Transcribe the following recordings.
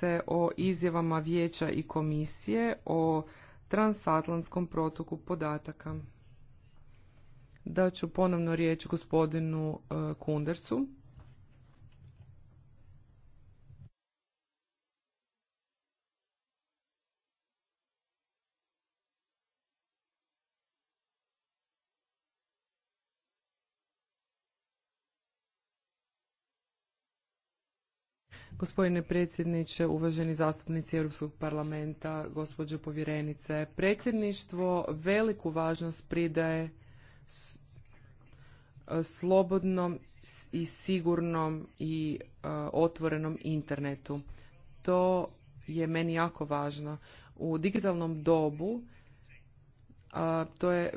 se o izjavama vijeća i komisije o transatlantskom protoku podataka. ću ponovno riječ gospodinu e, Kundersu. Gospodine predsjedniče, uvaženi zastupnici Europskog parlamenta, gospođo povjerenice, predsjedništvo veliku važnost pridaje e, slobodnom i sigurnom i e, otvorenom internetu. To je meni jako važno. U digitalnom dobu e, to je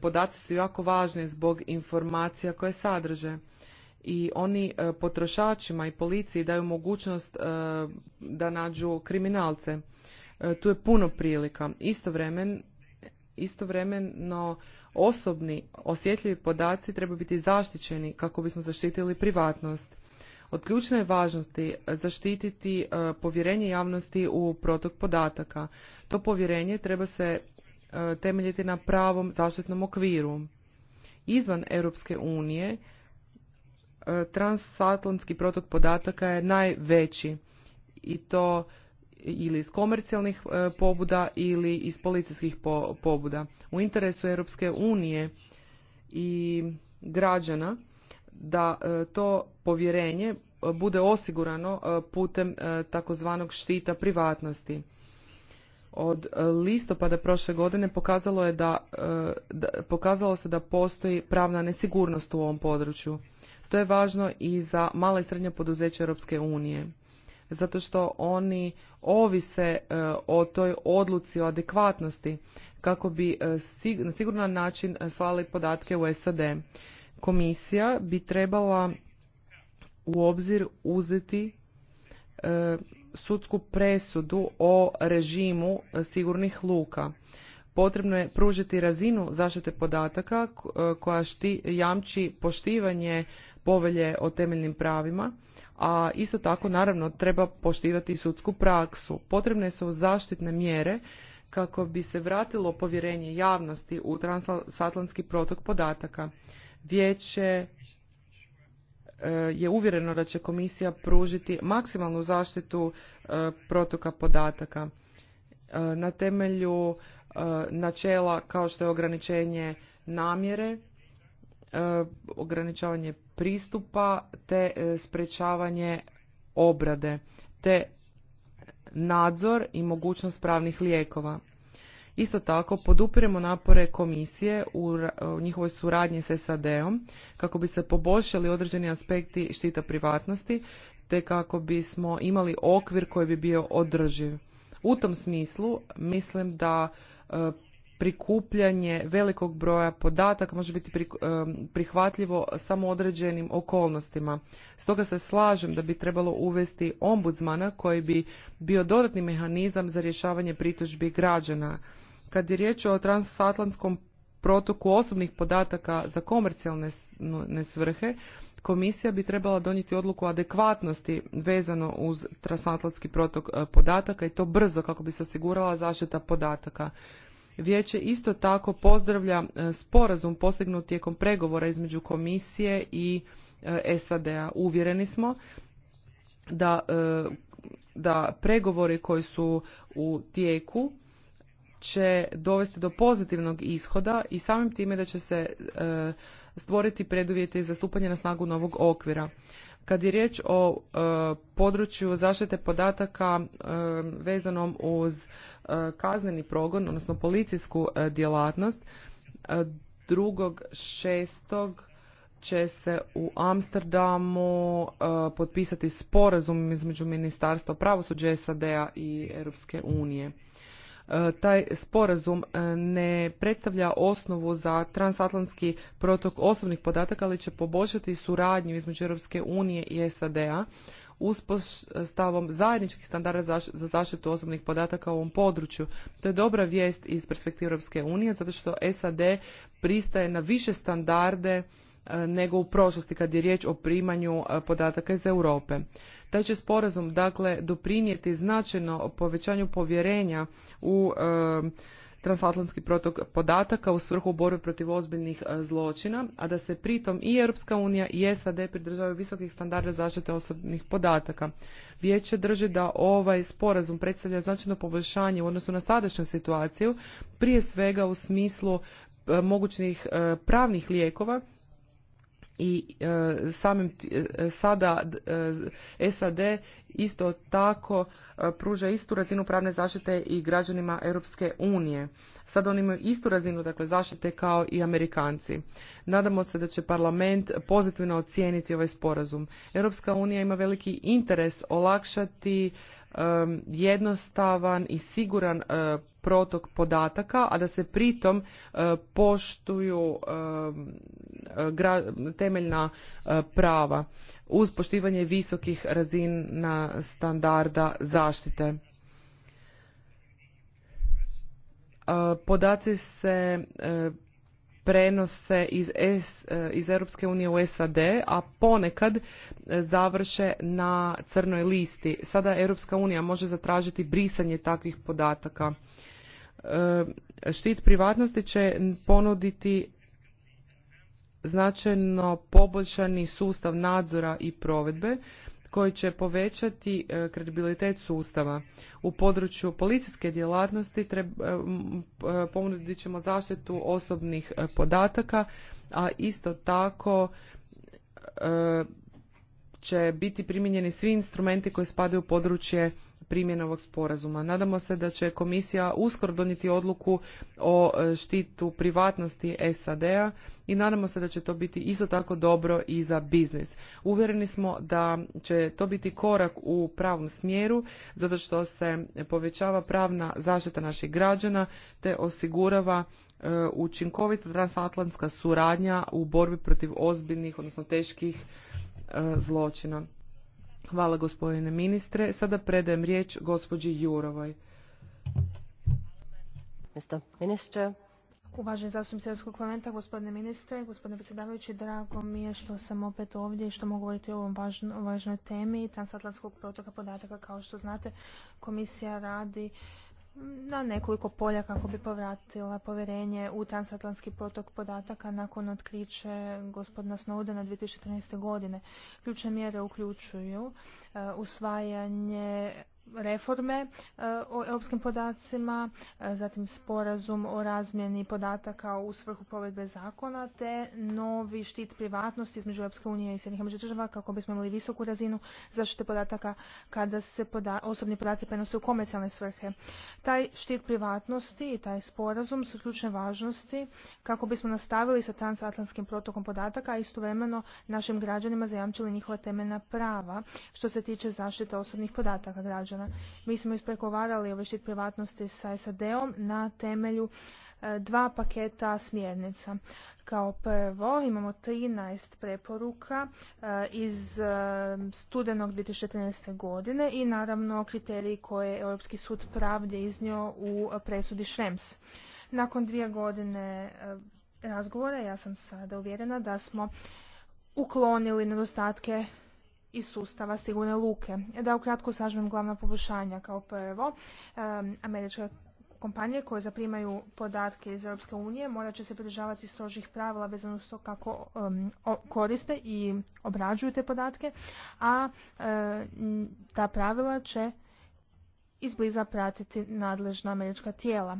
podaci su jako važni zbog informacija koje sadrže i oni e, potrošačima i policiji daju mogućnost e, da nađu kriminalce. E, tu je puno prilika. Istovremen, istovremeno osobni osjetljivi podaci treba biti zaštićeni kako bismo zaštitili privatnost. Od ključne je važnosti zaštititi povjerenje javnosti u protok podataka. To povjerenje treba se temeljiti na pravom zaštitnom okviru. Izvan Europske unije transatlantski protok podataka je najveći i to ili iz komercijalnih e, pobuda ili iz policijskih pobuda. U interesu Europske unije i građana da e, to povjerenje bude osigurano e, putem takozvanog štita privatnosti. Od listopada prošle godine pokazalo je pokazalo se da postoji pravna nesigurnost u ovom području to je važno i za male i srednje poduzeće Europske unije zato što oni ovise e, o toj odluci o adekvatnosti kako bi e, na siguran način e, slali podatke u SAD. Komisija bi trebala u obzir uzeti sudsku presudu o režimu sigurnih luka. Potrebno je pružiti razinu zaštite podataka koja jamči poštivanje povelje o temeljnim pravima, a isto tako naravno treba poštivati i sudsku praksu. Potrebne su zaštitne mjere kako bi se vratilo povjerenje javnosti u transatlantski protok podataka. Vijeće e, je uvjereno da će komisija pružiti maksimalnu zaštitu e, protoka podataka e, na temelju načela kao što je ograničenje namjere E, ograničavanje pristupa te e, sprečavanje obrade te nadzor i mogućnost pravnih lijekova. Isto tako, podupiremo napore komisije u njihovoj suradnji s SAD-om kako bi se poboljšali određeni aspekti štita privatnosti te kako bismo imali okvir koji bi bio održiv. U tom smislu mislim da e, prikupljanje velikog broja podataka može biti prihvatljivo samo određenim okolnostima. Stoga se slažem da bi trebalo uvesti ombudsmana koji bi bio dodatni mehanizam za rješavanje pritužbi građana. Kad je riječ o transatlantskom protoku osobnih podataka za komercijalne svrhe, komisija bi trebala donijeti odluku adekvatnosti vezano uz transatlantski protok e, podataka i to brzo kako bi se osigurala zaštita podataka. Vijeće isto tako pozdravlja e, sporazum postignut tijekom pregovora između komisije i e, SAD-a. Uvjereni smo da, e, da pregovori koji su u tijeku će dovesti do pozitivnog ishoda i samim time da će se stvoriti preduvjete i zastupanje na snagu novog okvira. Kad je riječ o e, području zaštite podataka e, vezanom uz e, kazneni progon, odnosno policijsku e, djelatnost, drugog šestog će se u Amsterdamu potpisati sporazum između Ministarstva pravosuđa SAD-a i Europske unije. E, taj sporazum e, ne predstavlja osnovu za transatlantski protok osobnih podataka, ali će poboljšati suradnju između Europske unije i SAD-a uspostavom zajedničkih standarda za zaštitu osobnih podataka u ovom području. To je dobra vijest iz perspektive Europske unije, zato što SAD pristaje na više standarde E, nego u prošlosti kad je riječ o primanju e, podataka iz Europe. Taj će sporazum dakle doprinijeti značajno povećanju povjerenja u e, transatlantski protok podataka u svrhu borbe protiv ozbiljnih zločina, a da se pritom i Europska unija i SAD pridržavaju visokih standarda zaštite osobnih podataka. Vijeće drži da ovaj sporazum predstavlja značajno poboljšanje u odnosu na sadašnju situaciju, prije svega u smislu mogućnih pravnih lijekova i e, samim e, sada e, SAD isto tako pruža istu razinu pravne zaštite i građanima Europske unije. Sada oni imaju istu razinu dakle zaštite kao i Amerikanci. Nadamo se da će parlament pozitivno ocijeniti ovaj sporazum. Europska unija ima veliki interes olakšati jednostavan i siguran protok podataka, a da se pritom e, poštuju e, temeljna e, prava uz poštivanje visokih razina standarda zaštite. Podaci se prenose iz, S, iz Europske unije u SAD, a ponekad završe na crnoj listi. Sada Europska unija može zatražiti brisanje takvih podataka. E, štit privatnosti će ponuditi značajno poboljšani sustav nadzora i provedbe koji će povećati e, kredibilitet sustava. U području policijske djelatnosti e, ponudit ćemo zaštitu osobnih podataka, a isto tako će biti primijenjeni svi instrumenti koji spadaju u područje primjene ovog sporazuma. Nadamo se da će komisija uskoro donijeti odluku o e, štitu privatnosti SAD-a i nadamo se da će to biti isto tako dobro i za biznis. Uvjereni smo da će to biti korak u pravom smjeru zato što se povećava pravna zaštita naših građana te osigurava e, učinkovita transatlantska suradnja u borbi protiv ozbiljnih, odnosno teških E, zločina. Hvala gospodine ministre. Sada predajem riječ gospođi Jurovoj. Minister. Uvaženi zastupnici Europskog parlamenta, gospodine ministre, gospodine predsjedavajući, drago mi je što sam opet ovdje i što mogu govoriti o ovom važnoj temi transatlantskog protoka podataka. Kao što znate, komisija radi na nekoliko polja kako bi povratila povjerenje u transatlantski protok podataka nakon otkriće gospodina Snowdena 2013. godine. Ključne mjere uključuju e, usvajanje reforme e, o europskim podacima, e, zatim sporazum o razmjeni podataka u svrhu provedbe zakona, te novi štit privatnosti između Europske unije i Sjednih država kako bismo imali visoku razinu zaštite podataka kada se osobni podaci prenose u komercijalne svrhe. Taj štit privatnosti i taj sporazum su ključne važnosti kako bismo nastavili sa transatlantskim protokom podataka, a istovremeno našim građanima zajamčili njihova temeljna prava što se tiče zaštite osobnih podataka građana mi smo ispregovarali ovaj privatnosti sa SAD-om na temelju e, dva paketa smjernica. Kao prvo imamo 13 preporuka e, iz e, studenog 2014. godine i naravno kriteriji koje je Europski sud pravde iznio u presudi Šrems. Nakon dvije godine razgovora ja sam sada uvjerena da smo uklonili nedostatke iz sustava sigurne luke. Da ukratko sažmem glavna poboljšanja. Kao prvo, američka kompanije koje zaprimaju podatke iz Europske unije morat će se pridržavati strožih pravila vezano s to kako koriste i obrađuju te podatke, a ta pravila će izbliza pratiti nadležna američka tijela.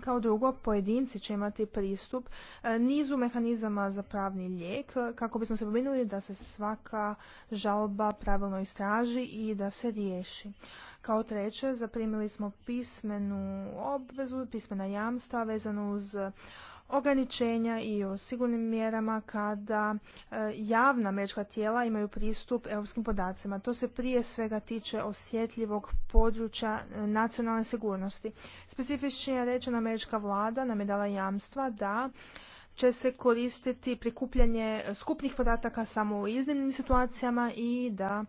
Kao drugo, pojedinci će imati pristup e, nizu mehanizama za pravni lijek e, kako bismo se pominuli da se svaka žalba pravilno istraži i da se riješi. Kao treće, zaprimili smo pismenu obvezu, pismena jamstva vezanu uz ograničenja i o sigurnim mjerama kada e, javna američka tijela imaju pristup europskim podacima. To se prije svega tiče osjetljivog područja e, nacionalne sigurnosti. Specifičnije je rečena američka vlada nam je dala jamstva da će se koristiti prikupljanje skupnih podataka samo u iznimnim situacijama i da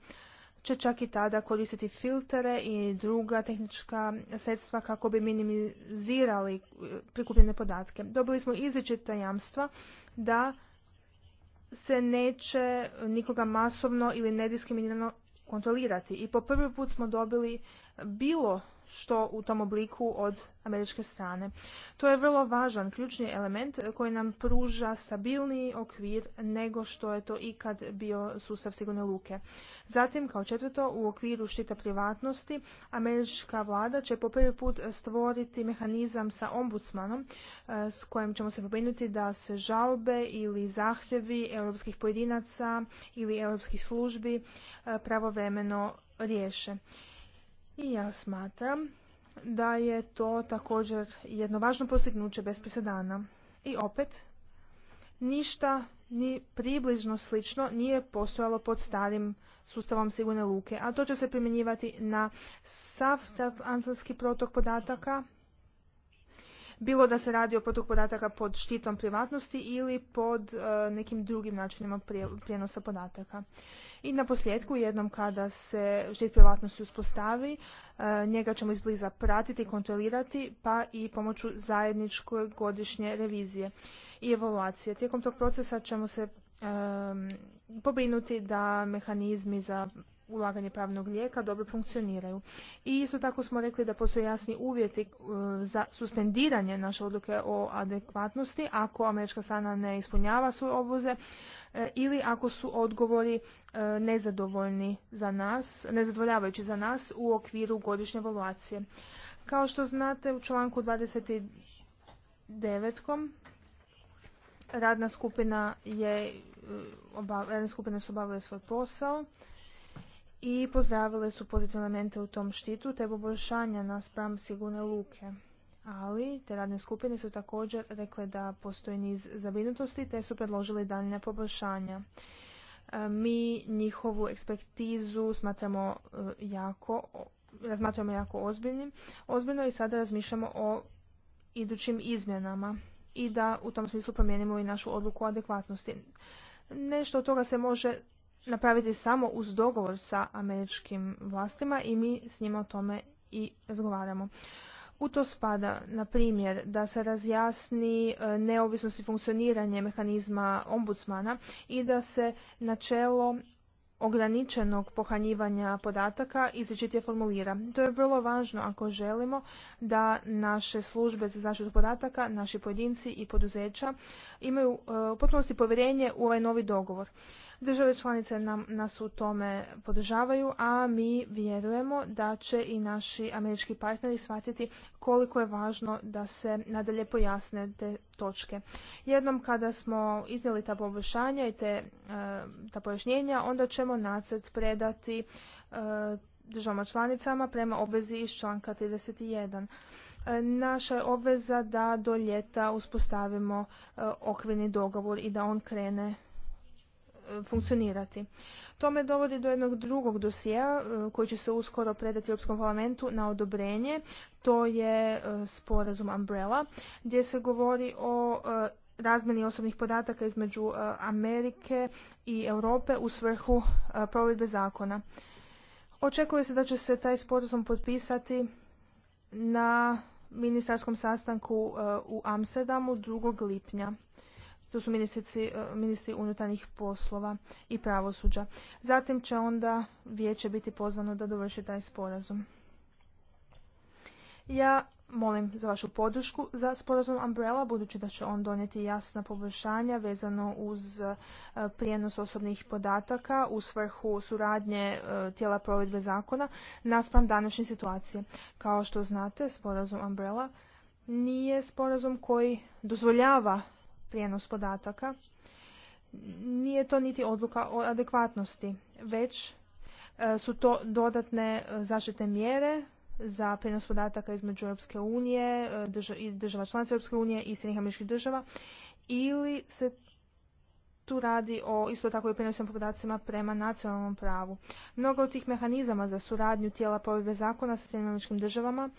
će čak i tada koristiti filtere i druga tehnička sredstva kako bi minimizirali e, prikupljene podatke. Dobili smo izričita jamstva da se neće nikoga masovno ili nediskriminirano kontrolirati. I po prvi put smo dobili bilo što u tom obliku od američke strane. To je vrlo važan, ključni element koji nam pruža stabilniji okvir nego što je to ikad bio sustav sigurne luke. Zatim, kao četvrto, u okviru štita privatnosti, američka vlada će po prvi put stvoriti mehanizam sa ombudsmanom e, s kojim ćemo se pobrinuti da se žalbe ili zahtjevi europskih pojedinaca ili europskih službi e, pravovremeno riješe. I ja smatram da je to također jedno važno postignuće bez presedana. I opet, ništa ni približno slično nije postojalo pod starim sustavom sigurne luke, a to će se primjenjivati na sav transatlantski protok podataka, bilo da se radi o protok podataka pod štitom privatnosti ili pod e, nekim drugim načinima prijenosa podataka. I na posljedku, jednom kada se štit privatnosti uspostavi, e, njega ćemo izbliza pratiti i kontrolirati, pa i pomoću zajedničkoj godišnje revizije i evaluacije. Tijekom tog procesa ćemo se e, pobrinuti da mehanizmi za ulaganje pravnog lijeka dobro funkcioniraju. I isto tako smo rekli da postoje jasni uvjeti e, za suspendiranje naše odluke o adekvatnosti ako američka strana ne ispunjava svoje obuze. E, ili ako su odgovori e, nezadovoljni za nas, nezadovoljavajući za nas u okviru godišnje evaluacije. Kao što znate u članku 29. radna skupina je e, skupine su obavile svoj posao i pozdravile su pozitivne elemente u tom štitu te poboljšanja na spram sigurne luke ali te radne skupine su također rekle da postoji niz zabrinutosti te su predložili daljnja poboljšanja. E, mi njihovu ekspertizu smatramo e, jako, razmatramo jako ozbiljno i sada razmišljamo o idućim izmjenama i da u tom smislu promijenimo i našu odluku o adekvatnosti. Nešto od toga se može napraviti samo uz dogovor sa američkim vlastima i mi s njima o tome i razgovaramo. U to spada, na primjer, da se razjasni e, neovisnost i funkcioniranje mehanizma ombudsmana i da se načelo ograničenog pohanjivanja podataka izričitije formulira. To je vrlo važno ako želimo da naše službe za zaštitu podataka, naši pojedinci i poduzeća imaju e, u potpunosti povjerenje u ovaj novi dogovor. Države članice nam, nas u tome podržavaju, a mi vjerujemo da će i naši američki partneri shvatiti koliko je važno da se nadalje pojasne te točke. Jednom kada smo iznijeli ta poboljšanja i te, e, ta pojašnjenja, onda ćemo nacrt predati e, državama članicama prema obvezi iz članka 31. E, naša je obveza da do ljeta uspostavimo okvirni dogovor i da on krene E, funkcionirati. To me dovodi do jednog drugog dosija e, koji će se uskoro predati Europskom parlamentu na odobrenje. To je e, sporazum Umbrella gdje se govori o razmjeni osobnih podataka između Amerike i Europe u svrhu provedbe zakona. Očekuje se da će se taj sporazum potpisati na ministarskom sastanku u Amsterdamu 2. lipnja tu su e, ministri unutarnjih poslova i pravosuđa. Zatim će onda vijeće biti pozvano da dovrši taj sporazum. Ja molim za vašu podršku za sporazum Umbrella, budući da će on donijeti jasna poboljšanja vezano uz e, prijenos osobnih podataka u svrhu suradnje e, tijela provedbe zakona naspram današnje situacije. Kao što znate, sporazum Umbrella nije sporazum koji dozvoljava prijenos podataka. Nije to niti odluka o adekvatnosti, već e, su to dodatne e, zaštite mjere za prijenos podataka između Europske unije e, i država članica Europske unije i Sjedinjenih američkih država ili se tu radi o isto tako i prenosnim podacima prema nacionalnom pravu. Mnogo od tih mehanizama za suradnju tijela provedbe zakona sa američkim državama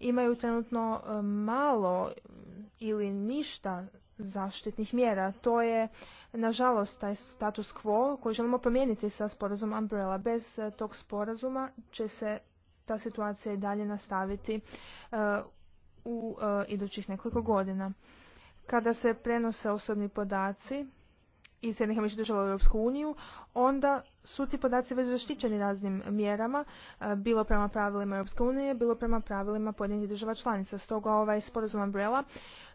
imaju trenutno malo ili ništa zaštitnih mjera. To je, nažalost, taj status quo koji želimo promijeniti sa sporazum Umbrella. Bez e, tog sporazuma će se ta situacija i dalje nastaviti e, u e, idućih nekoliko godina. Kada se prenose osobni podaci, i jednih država u Europsku uniju, onda su ti podaci već zaštićeni raznim mjerama, e, bilo prema pravilima Europske unije, bilo prema pravilima pojedinih država članica. Stoga ovaj sporazum Umbrella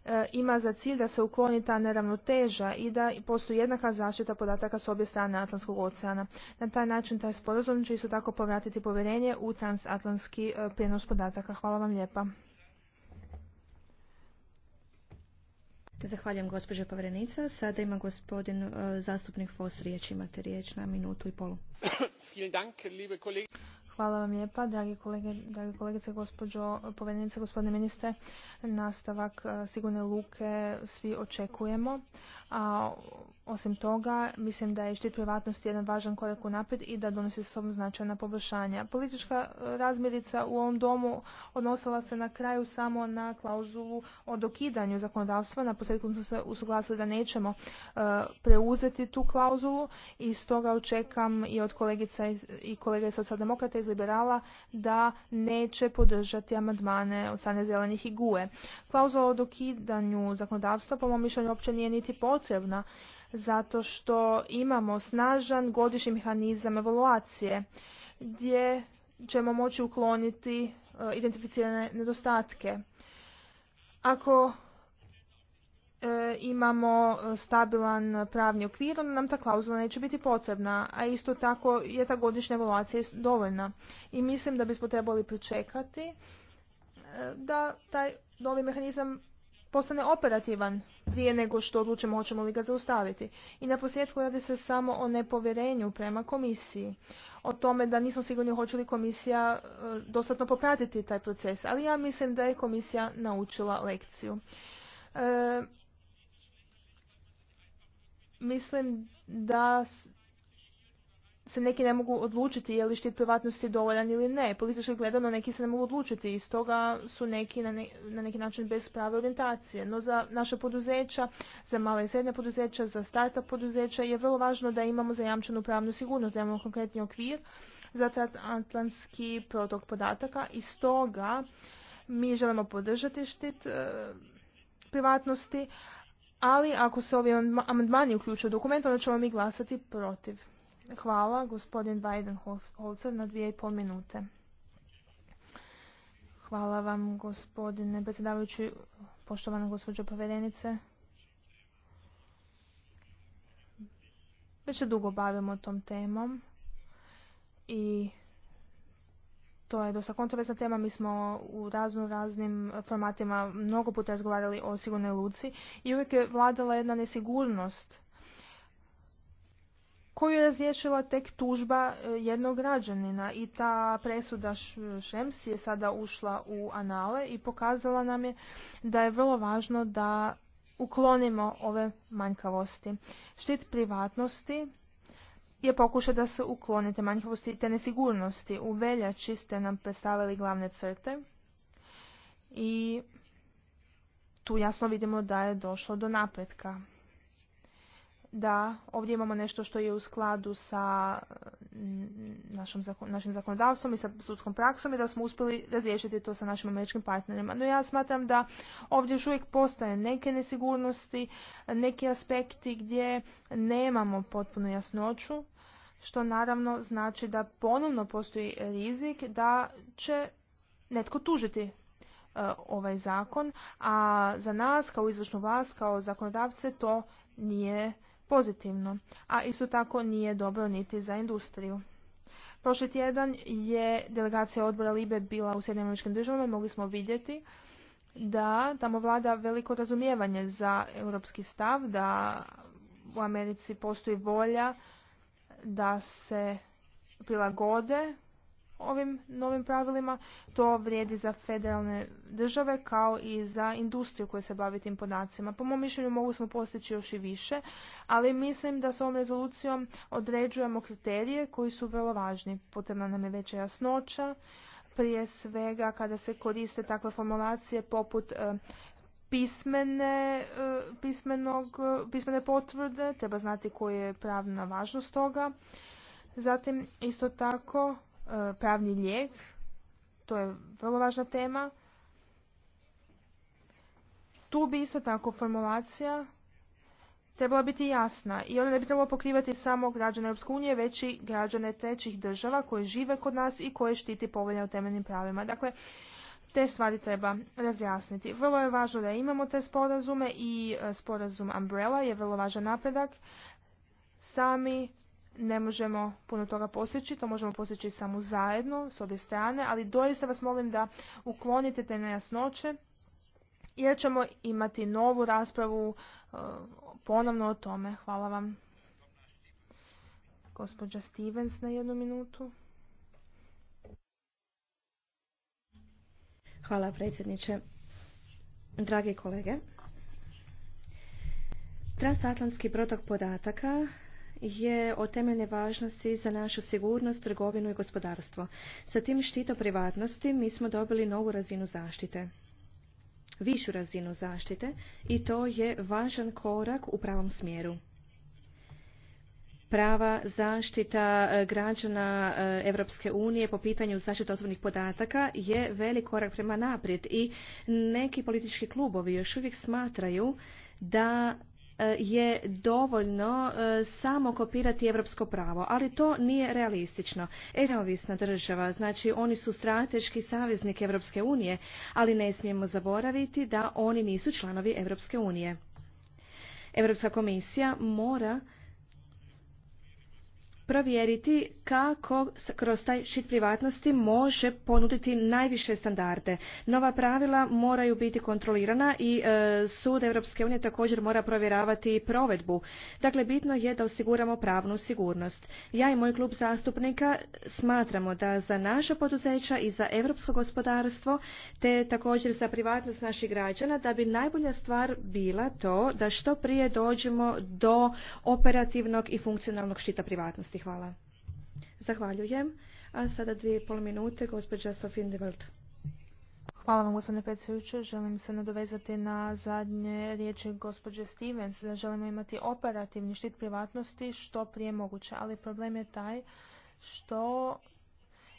e, ima za cilj da se ukloni ta neravnoteža i da postoji jednaka zaštita podataka s obje strane Atlantskog oceana. Na taj način taj sporazum će isto tako povratiti povjerenje u transatlantski e, prijenos podataka. Hvala vam lijepa. Zahvaljujem gospođo Pavrenica. Sada ima gospodin e, zastupnik Fos riječ. Imate riječ na minutu i polu. Hvala vam lijepa, dragi kolege, dragi kolegice, gospođo povjerenice, gospodine ministre. Nastavak e, sigurne luke svi očekujemo, a osim toga, mislim da je štit privatnosti jedan važan korak u i da donosi s sobom značajna poboljšanja. Politička e, razmirica u ovom domu odnosila se na kraju samo na klauzulu o dokidanju zakonodavstva. Na posljedku smo se usuglasili da nećemo e, preuzeti tu klauzulu i stoga očekam i od kolegica i kolega iz socijaldemokrata iz liberala da neće podržati amandmane od strane zelenih i guje. Klauzula o dokidanju zakonodavstva po mom mišljenju uopće nije niti potrebna zato što imamo snažan godišnji mehanizam evaluacije gdje ćemo moći ukloniti e, identificirane nedostatke. Ako e, imamo stabilan pravni okvir, onda nam ta klauzula neće biti potrebna, a isto tako je ta godišnja evaluacija dovoljna. I mislim da bismo trebali pričekati e, da taj novi mehanizam postane operativan prije nego što odlučimo hoćemo li ga zaustaviti. I na posljedku radi se samo o nepovjerenju prema komisiji, o tome da nismo sigurni hoće li komisija e, dostatno popratiti taj proces, ali ja mislim da je komisija naučila lekciju. E, mislim da se neki ne mogu odlučiti je li štit privatnosti dovoljan ili ne. Politički gledano neki se ne mogu odlučiti i stoga su neki na, na neki način bez prave orijentacije. No za naša poduzeća, za mala i srednja poduzeća, za startup poduzeća je vrlo važno da imamo zajamčenu pravnu sigurnost, da imamo konkretni okvir za atlantski protok podataka i stoga mi želimo podržati štit e, privatnosti, ali ako se ovi amandmani uključuju u dokument, onda ćemo mi glasati protiv. Hvala, gospodin Weidenholzer, na dvije i pol minute. Hvala vam, gospodine predsjedavajući, poštovana gospođo povjerenice. Već se dugo bavimo tom temom i to je dosta kontroverzna tema. Mi smo u razno raznim formatima mnogo puta razgovarali o sigurnoj luci i uvijek je vladala jedna nesigurnost koju je razriješila tek tužba e, jednog građanina i ta presuda Šems je sada ušla u anale i pokazala nam je da je vrlo važno da uklonimo ove manjkavosti. Štit privatnosti je pokušaj da se uklonite manjkavosti te nesigurnosti. U veljači ste nam predstavili glavne crte i tu jasno vidimo da je došlo do napretka da ovdje imamo nešto što je u skladu sa mm, našim zakonodavstvom i sa sudskom praksom i da smo uspjeli razriješiti to sa našim američkim partnerima. No ja smatram da ovdje još uvijek postaje neke nesigurnosti, neki aspekti gdje nemamo potpunu jasnoću, što naravno znači da ponovno postoji rizik da će netko tužiti e, ovaj zakon, a za nas kao izvršnu vlast, kao zakonodavce to nije pozitivno, a isto tako nije dobro niti za industriju. Prošli tjedan je delegacija odbora Libe bila u američkim državama i mogli smo vidjeti da tamo vlada veliko razumijevanje za europski stav, da u Americi postoji volja da se prilagode ovim novim pravilima. To vrijedi za federalne države kao i za industriju koja se bavi tim podacima. Po mom mišljenju mogu smo postići još i više, ali mislim da s ovom rezolucijom određujemo kriterije koji su vrlo važni. Potrebna nam je veća jasnoća, prije svega kada se koriste takve formulacije poput e, pismene, e, pismenog, pismene potvrde, treba znati koja je pravna važnost toga. Zatim isto tako pravni lijek, to je vrlo važna tema. Tu bi isto tako formulacija trebala biti jasna i ona ne bi trebala pokrivati samo građane Europske unije, već i građane trećih država koje žive kod nas i koje štiti povelja o temeljnim pravima. Dakle, te stvari treba razjasniti. Vrlo je važno da imamo te sporazume i e, sporazum Umbrella je vrlo važan napredak. Sami ne možemo puno toga postići, to možemo posjeći samo zajedno s obje strane, ali doista vas molim da uklonite te nejasnoće jer ćemo imati novu raspravu e, ponovno o tome. Hvala vam. Gospođa Stevens na jednu minutu. Hvala predsjedniče. Dragi kolege, transatlantski protok podataka je od temeljne važnosti za našu sigurnost, trgovinu i gospodarstvo. Sa tim štito privatnosti mi smo dobili novu razinu zaštite višu razinu zaštite i to je važan korak u pravom smjeru. Prava zaštita e, građana Europske unije po pitanju zaštite osobnih podataka je velik korak prema naprijed i neki politički klubovi još uvijek smatraju da E, je dovoljno e, samo kopirati europsko pravo, ali to nije realistično. Neovisna država, znači oni su strateški saveznik Evropske unije, ali ne smijemo zaboraviti da oni nisu članovi Evropske unije. Europska komisija mora provjeriti kako kroz taj šit privatnosti može ponuditi najviše standarde. Nova pravila moraju biti kontrolirana i e, Sud Europske unije također mora provjeravati provedbu. Dakle, bitno je da osiguramo pravnu sigurnost. Ja i moj klub zastupnika smatramo da za naša poduzeća i za europsko gospodarstvo, te također za privatnost naših građana, da bi najbolja stvar bila to da što prije dođemo do operativnog i funkcionalnog šita privatnosti. Hvala. Zahvaljujem. A sada dvije pol minute, gospođa Sofin Hvala vam, gospodine predsjedniče. Želim se nadovezati na zadnje riječi gospođe Stevens, da želimo imati operativni štit privatnosti što prije moguće, ali problem je taj što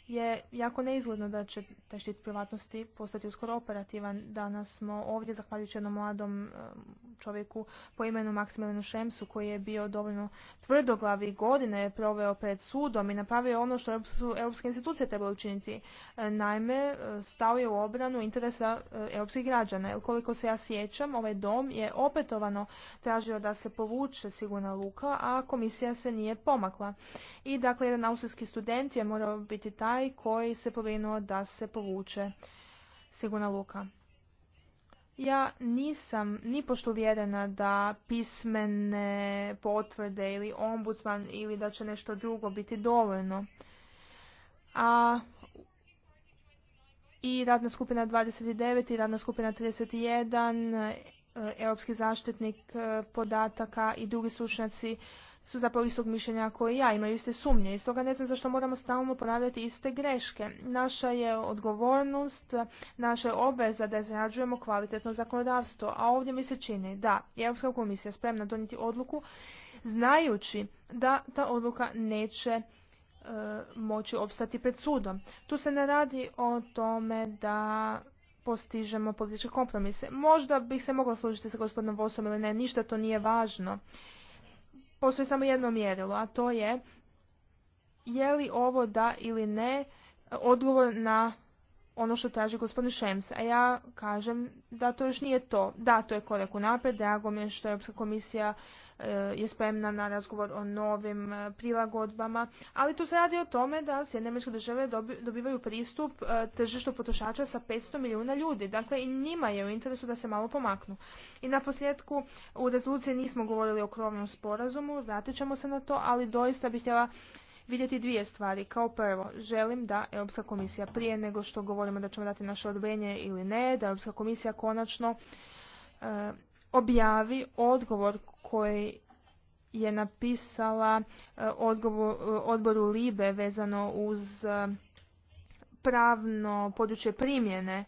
je jako neizgledno da će taj štit privatnosti postati uskoro operativan. Danas smo ovdje zahvaljujući jednom mladom e, čovjeku po imenu Maksimilinu Šemsu koji je bio dovoljno tvrdoglavi godine je proveo pred sudom i napravio ono što su europske institucije trebale učiniti. E, naime, e, stao je u obranu interesa europskih građana. koliko se ja sjećam, ovaj dom je opetovano tražio da se povuče sigurna luka, a komisija se nije pomakla. I dakle, jedan austrijski student je morao biti taj taj koji se povinuo da se povuče sigurna luka. Ja nisam ni pošto uvjerena da pismene potvrde ili ombudsman ili da će nešto drugo biti dovoljno. A i radna skupina 29 i radna skupina 31, e, europski zaštitnik e, podataka i drugi slučnjaci su zapravo istog mišljenja koje ja, imaju iste sumnje. I stoga ne znam zašto moramo stalno ponavljati iste greške. Naša je odgovornost, naša je obveza da izrađujemo kvalitetno zakonodavstvo. A ovdje mi se čini da je Europska komisija spremna donijeti odluku znajući da ta odluka neće e, moći opstati pred sudom. Tu se ne radi o tome da postižemo političke kompromise. Možda bih se mogla složiti sa gospodinom Vosom ili ne, ništa to nije važno postoji samo jedno mjerilo, a to je je li ovo da ili ne odgovor na ono što traži gospodin Šems. A ja kažem da to još nije to. Da, to je korak u napred. Drago mi je što je Europska komisija je spremna na razgovor o novim e, prilagodbama, ali tu se radi o tome da američke države dobivaju pristup e, tržištu potrošača sa 500 milijuna ljudi. Dakle, i njima je u interesu da se malo pomaknu. I na posljedku, u rezoluciji nismo govorili o krovnom sporazumu, vratit ćemo se na to, ali doista bih htjela vidjeti dvije stvari. Kao prvo, želim da Europska komisija prije nego što govorimo da ćemo dati naše odobrenje ili ne, da Europska komisija konačno e, objavi odgovor koji je napisala e, e, odboru Libe vezano uz e, pravno područje primjene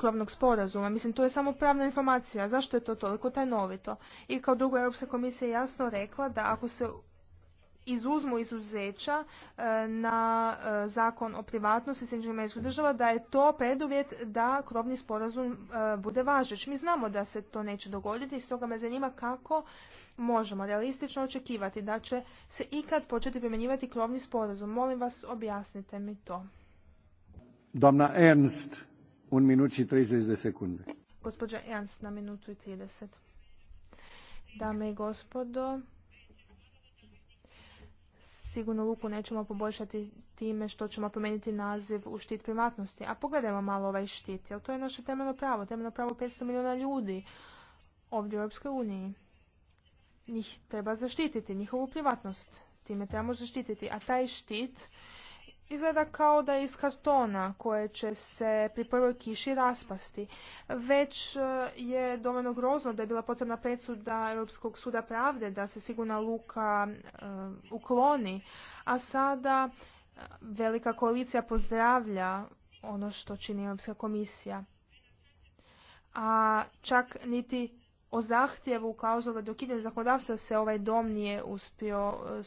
krovnog sporazuma. Mislim, to je samo pravna informacija. Zašto je to toliko tajnovito? I kao drugo, Europska komisija je jasno rekla da ako se izuzmu izuzeća e, na e, zakon o privatnosti Sjedinjenih država da je to preduvjet da krovni sporazum e, bude važeć. Mi znamo da se to neće dogoditi i stoga me zanima kako možemo realistično očekivati da će se ikad početi primjenjivati krovni sporazum. Molim vas objasnite mi to. Domna Ernst, un i 30 sekunde. Gospođa Ernst na minutu i 30. Dame i gospodo, sigurno luku nećemo poboljšati time što ćemo promijeniti naziv u štit privatnosti. A pogledajmo malo ovaj štit, jer to je naše temeljno pravo, temeljno pravo 500 milijuna ljudi ovdje u Europskoj uniji. Njih treba zaštititi, njihovu privatnost. Time trebamo zaštititi. A taj štit izgleda kao da je iz kartona koje će se pri prvoj kiši raspasti. Već e, je dovoljno grozno da je bila potrebna presuda Europskog suda pravde da se sigurna luka e, ukloni, a sada e, velika koalicija pozdravlja ono što čini Europska komisija. A čak niti o zahtjevu klauzule dokidanja zakonodavstva se ovaj dom nije uspio e,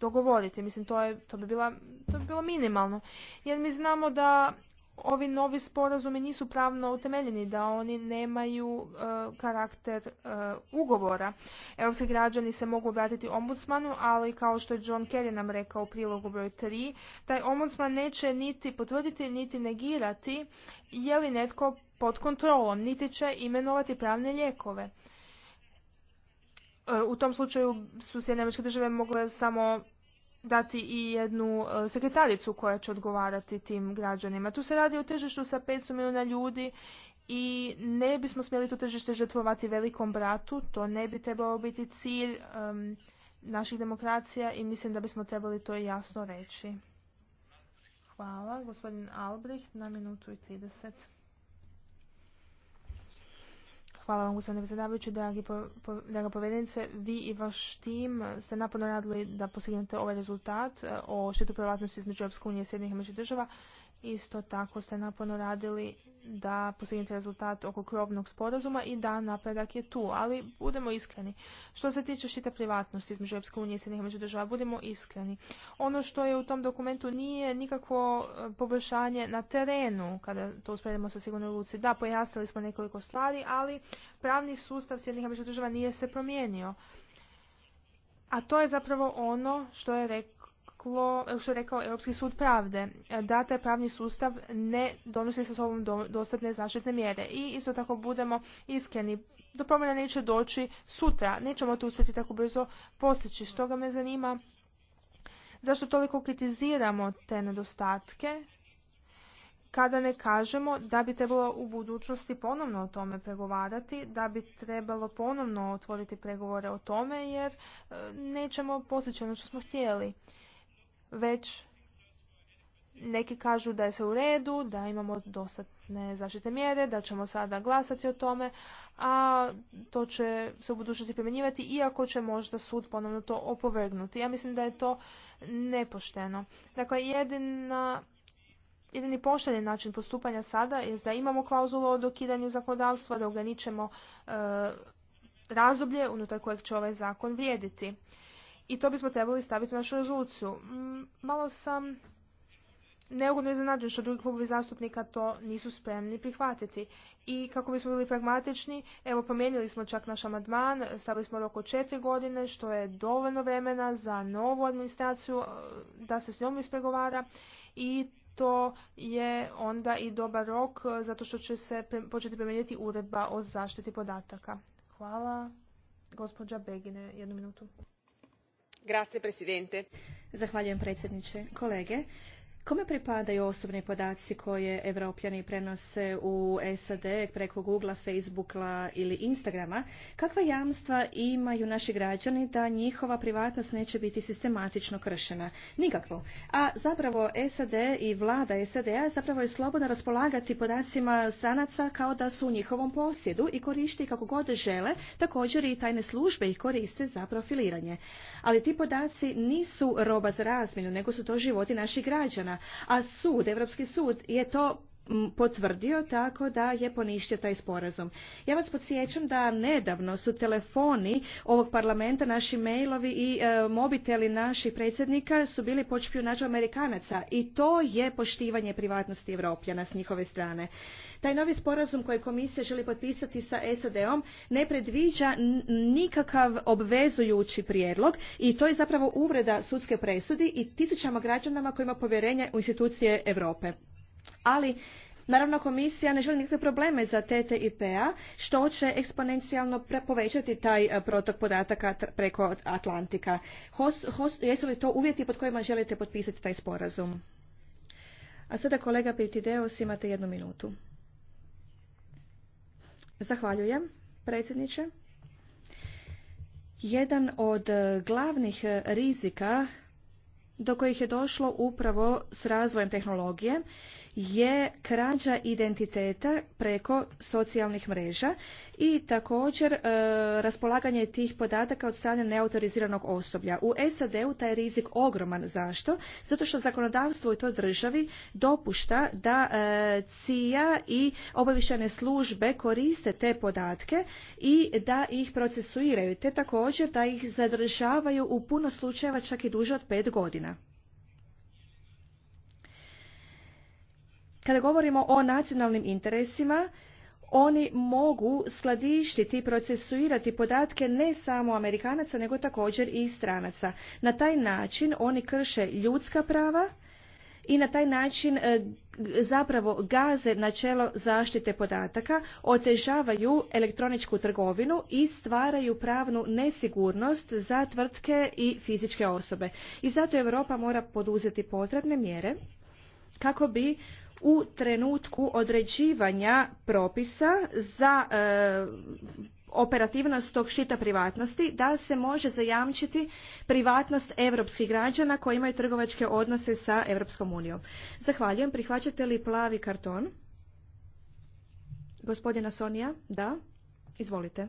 dogovoriti. Mislim, to, je, to, bi bila, to bilo minimalno. Jer mi znamo da ovi novi sporazumi nisu pravno utemeljeni, da oni nemaju e, karakter e, ugovora. Europski građani se mogu obratiti ombudsmanu, ali kao što je John Kerry nam rekao u prilogu broj 3, taj ombudsman neće niti potvrditi, niti negirati je li netko pod kontrolom, niti će imenovati pravne lijekove. E, u tom slučaju su Sjedinjene države mogle samo dati i jednu e, sekretaricu koja će odgovarati tim građanima. Tu se radi o tržištu sa 500 milijuna ljudi i ne bismo smjeli to tržište žrtvovati velikom bratu, to ne bi trebalo biti cilj naših demokracija i mislim da bismo trebali to jasno reći. Hvala. Gospodin Albrecht na minutu i 30. Hvala vam gospodine predsjedavajući, dragi po, draga povedenice. Vi i vaš tim ste naporno radili da postignete ovaj rezultat e, o štitu privatnosti između Europske unije i Sjedinih država Isto tako ste naporno radili da postignete rezultat oko krovnog sporazuma i da napredak je tu, ali budemo iskreni. Što se tiče štita privatnosti između Europske unije i Sjedinjenih država, budemo iskreni. Ono što je u tom dokumentu nije nikakvo e, poboljšanje na terenu, kada to usporedimo sa sigurnoj luci. Da, pojasnili smo nekoliko stvari, ali pravni sustav Sjedinih među država nije se promijenio. A to je zapravo ono što je reklo, što je rekao Europski sud pravde, da taj pravni sustav ne donosi sa sobom dostatne zaštitne mjere. I isto tako budemo iskreni, do promjena neće doći sutra, nećemo to uspjeti tako brzo postići. ga me zanima zašto toliko kritiziramo te nedostatke kada ne kažemo da bi trebalo u budućnosti ponovno o tome pregovarati, da bi trebalo ponovno otvoriti pregovore o tome jer e, nećemo postići ono što smo htjeli već neki kažu da je se u redu, da imamo dostatne zaštite mjere, da ćemo sada glasati o tome, a to će se u budućnosti primjenjivati, iako će možda sud ponovno to opovrgnuti. Ja mislim da je to nepošteno. Dakle, jedina jedini pošteni način postupanja sada je da imamo klauzulu o dokidanju zakonodavstva, da ograničemo razoblje razdoblje unutar kojeg će ovaj zakon vrijediti i to bismo trebali staviti u našu rezoluciju. Mm, malo sam neugodno iznenađen što drugi klubovi zastupnika to nisu spremni prihvatiti. I kako bismo bili pragmatični, evo promijenili smo čak naš amandman, stavili smo rok od četiri godine, što je dovoljno vremena za novu administraciju e, da se s njom ispregovara i to je onda i dobar rok e, zato što će se početi promijeniti uredba o zaštiti podataka. Hvala. Gospođa Begine, jednu minutu. Grazie, presidente. Zahvaljujem predsjedniče. Kolege, Kome pripadaju osobni podaci koje evropljani prenose u SAD preko Googlea, Facebooka ili Instagrama? Kakva jamstva imaju naši građani da njihova privatnost neće biti sistematično kršena? Nikakvo. A zapravo SAD i vlada SAD-a zapravo je slobodna raspolagati podacima stranaca kao da su u njihovom posjedu i korišti kako god žele, također i tajne službe ih koriste za profiliranje. Ali ti podaci nisu roba za razmjenu, nego su to životi naših građana a sud, Europski sud je to potvrdio tako da je poništio taj sporazum. Ja vas podsjećam da nedavno su telefoni ovog parlamenta, naši mailovi i e, mobiteli naših predsjednika su bili počpiju nađu Amerikanaca i to je poštivanje privatnosti Evropljana s njihove strane. Taj novi sporazum koji komisija želi potpisati sa SAD-om ne predviđa nikakav obvezujući prijedlog i to je zapravo uvreda sudske presudi i tisućama građanama kojima povjerenje u institucije Europe. Ali Naravno, komisija ne želi nikakve probleme za TTIP-a, što će eksponencijalno povećati taj e, protok podataka preko Atlantika. Hos, jesu li to uvjeti pod kojima želite potpisati taj sporazum? A sada kolega Pitideos, imate jednu minutu. Zahvaljujem, predsjedniče. Jedan od e, glavnih e, rizika do kojih je došlo upravo s razvojem tehnologije je krađa identiteta preko socijalnih mreža i također e, raspolaganje tih podataka od strane neautoriziranog osoblja. U SAD-u taj je rizik ogroman. Zašto? Zato što zakonodavstvo u toj državi dopušta da e, CIA i obavišene službe koriste te podatke i da ih procesuiraju, te također da ih zadržavaju u puno slučajeva čak i duže od pet godina. Kada govorimo o nacionalnim interesima, oni mogu skladištiti i procesuirati podatke ne samo Amerikanaca, nego također i stranaca. Na taj način oni krše ljudska prava i na taj način e, zapravo gaze načelo zaštite podataka, otežavaju elektroničku trgovinu i stvaraju pravnu nesigurnost za tvrtke i fizičke osobe. I zato Europa mora poduzeti potrebne mjere kako bi u trenutku određivanja propisa za e, operativnost tog šita privatnosti da se može zajamčiti privatnost europskih građana koji imaju trgovačke odnose sa Europskom unijom. Zahvaljujem. Prihvaćate li plavi karton? Gospodina Sonija, da. Izvolite.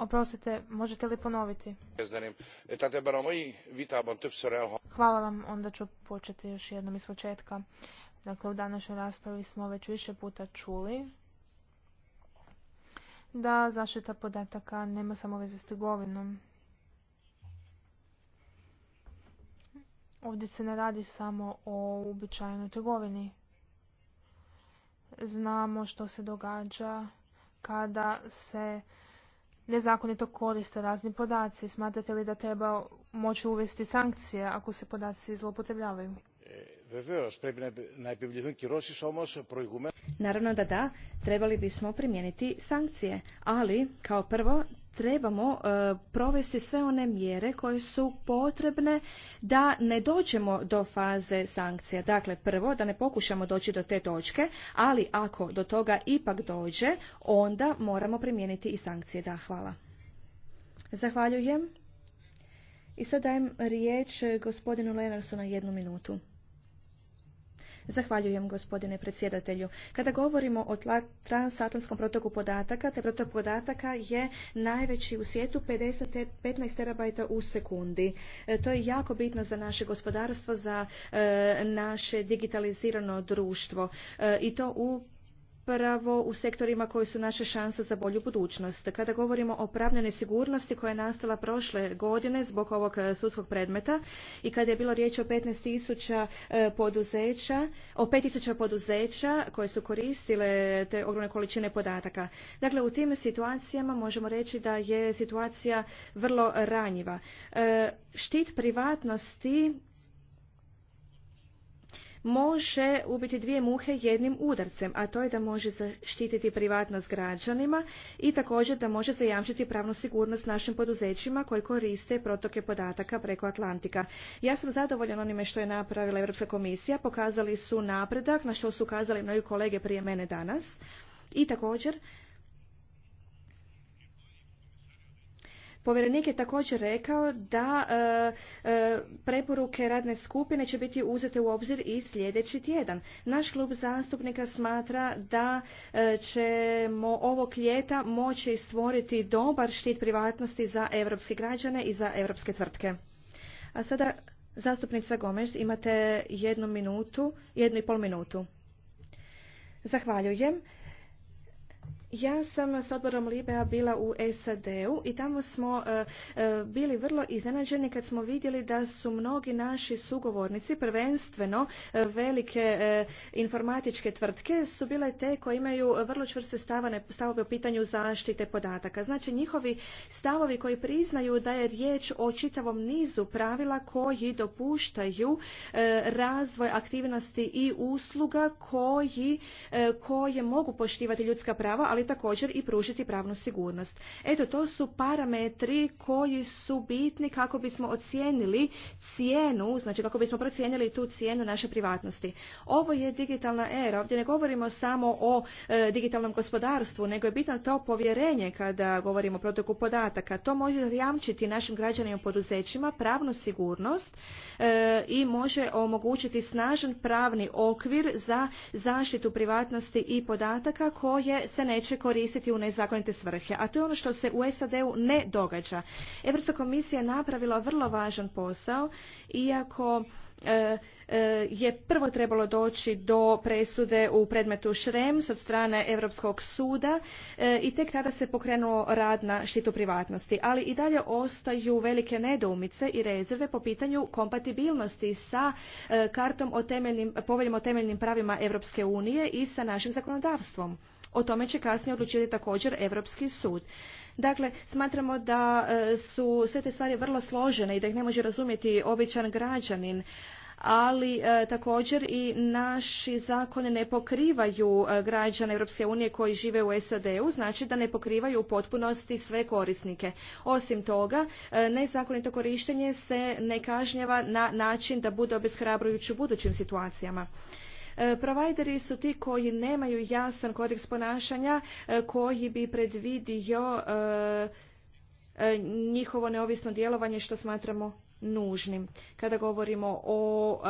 Oprostite, možete li ponoviti? E, Hvala vam, onda ću početi još jednom iz početka. Dakle, u današnjoj raspravi smo već više puta čuli da zaštita podataka nema samo veze s trgovinom. Ovdje se ne radi samo o uobičajenoj trgovini. Znamo što se događa kada se nezakonito koriste razni podaci? Smatrate li da treba moći uvesti sankcije ako se podaci zloupotrebljavaju? Naravno da da, trebali bismo primijeniti sankcije, ali kao prvo trebamo e, provesti sve one mjere koje su potrebne da ne dođemo do faze sankcija. Dakle, prvo da ne pokušamo doći do te točke, ali ako do toga ipak dođe, onda moramo primijeniti i sankcije. Da, hvala. Zahvaljujem. I sad dajem riječ e, gospodinu Lenarsu na jednu minutu. Zahvaljujem gospodine predsjedatelju. Kada govorimo o transatlantskom protoku podataka, te protok podataka je najveći u svijetu 15 terabajta u sekundi. E, to je jako bitno za naše gospodarstvo, za e, naše digitalizirano društvo e, i to u upravo u sektorima koji su naše šanse za bolju budućnost. Kada govorimo o pravnoj sigurnosti koja je nastala prošle godine zbog ovog e, sudskog predmeta i kada je bilo riječ o 15.000 e, poduzeća, o 5.000 poduzeća koje su koristile te ogromne količine podataka. Dakle, u tim situacijama možemo reći da je situacija vrlo ranjiva. E, štit privatnosti može ubiti dvije muhe jednim udarcem, a to je da može zaštititi privatnost građanima i također da može zajamčiti pravnu sigurnost našim poduzećima koji koriste protoke podataka preko Atlantika. Ja sam zadovoljan onime što je napravila Europska komisija, pokazali su napredak na što su ukazali mnogi kolege prije mene danas i također Povjerenik je također rekao da e, e, preporuke radne skupine će biti uzete u obzir i sljedeći tjedan. Naš klub zastupnika smatra da e, ćemo ovog ljeta moći stvoriti dobar štit privatnosti za europske građane i za europske tvrtke. A sada zastupnica Gomez imate jednu minutu, jednu i pol minutu. Zahvaljujem. Ja sam s odborom Libea bila u SAD-u i tamo smo e, e, bili vrlo iznenađeni kad smo vidjeli da su mnogi naši sugovornici, prvenstveno e, velike informatičke tvrtke, su bile te koje imaju vrlo čvrste stavane, stavove o pitanju zaštite podataka. Znači njihovi stavovi koji priznaju da je riječ o čitavom nizu pravila koji dopuštaju razvoj aktivnosti i usluga koji, koje mogu poštivati ljudska prava, ali ali također i pružiti pravnu sigurnost. Eto, to su parametri koji su bitni kako bismo ocijenili cijenu, znači kako bismo procijenili tu cijenu naše privatnosti. Ovo je digitalna era, ovdje ne govorimo samo o e, digitalnom gospodarstvu, nego je bitno to povjerenje kada govorimo o protoku podataka. To može jamčiti našim građanima i poduzećima pravnu sigurnost e, i može omogućiti snažan pravni okvir za zaštitu privatnosti i podataka koje se neće moguće koristiti u nezakonite svrhe, a to je ono što se u SAD-u ne događa. Europska komisija je napravila vrlo važan posao, iako e, e, je prvo trebalo doći do presude u predmetu Šrems od strane Europskog suda e, i tek tada se pokrenuo rad na štitu privatnosti. Ali i dalje ostaju velike nedoumice i rezerve po pitanju kompatibilnosti sa kartom o temeljnim, o temeljnim pravima Europske unije i sa našim zakonodavstvom. O tome će kasnije odlučiti također Europski sud. Dakle, smatramo da e, su sve te stvari vrlo složene i da ih ne može razumjeti običan građanin ali e, također i naši zakoni ne pokrivaju e, građane Europske unije koji žive u SAD-u, znači da ne pokrivaju u potpunosti sve korisnike. Osim toga, nezakonito korištenje se ne kažnjava na način da bude obeshrabrujući u budućim situacijama. E, provideri su ti koji nemaju jasan kodeks ponašanja e, koji bi predvidio e, njihovo neovisno djelovanje što smatramo nužnim. Kada govorimo o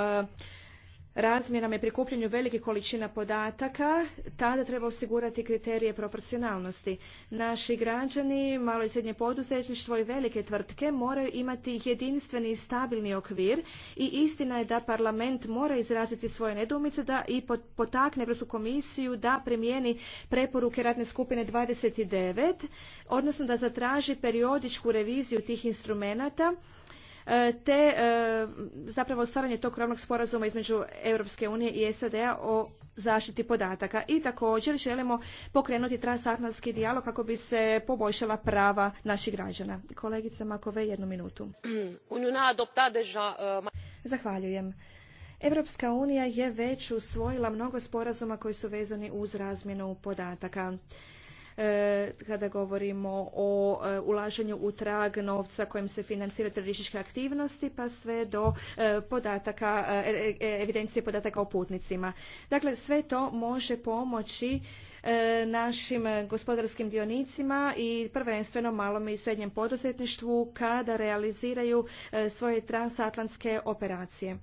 razmjenama i prikupljanju velikih količina podataka, tada treba osigurati kriterije proporcionalnosti. Naši građani, malo i srednje poduzetništvo i velike tvrtke moraju imati jedinstveni i stabilni okvir i istina je da parlament mora izraziti svoje nedoumice da i potakne Europsku komisiju da primijeni preporuke ratne skupine 29, odnosno da zatraži periodičku reviziju tih instrumenata E, te e, zapravo stvaranje tog krovnog sporazuma između Europske unije i SAD-a o zaštiti podataka. I također želimo pokrenuti transatlantski dijalog kako bi se poboljšala prava naših građana. Kolegice Makove, jednu minutu. E, Zahvaljujem. Europska unija je već usvojila mnogo sporazuma koji su vezani uz razmjenu podataka. E, kada govorimo o e, ulaženju u trag novca kojim se financiraju terorističke aktivnosti pa sve do e, podataka, evidencije podataka o putnicima. Dakle, sve to može pomoći našim gospodarskim dionicima i prvenstveno malom i srednjem poduzetništvu kada realiziraju svoje transatlantske operacije.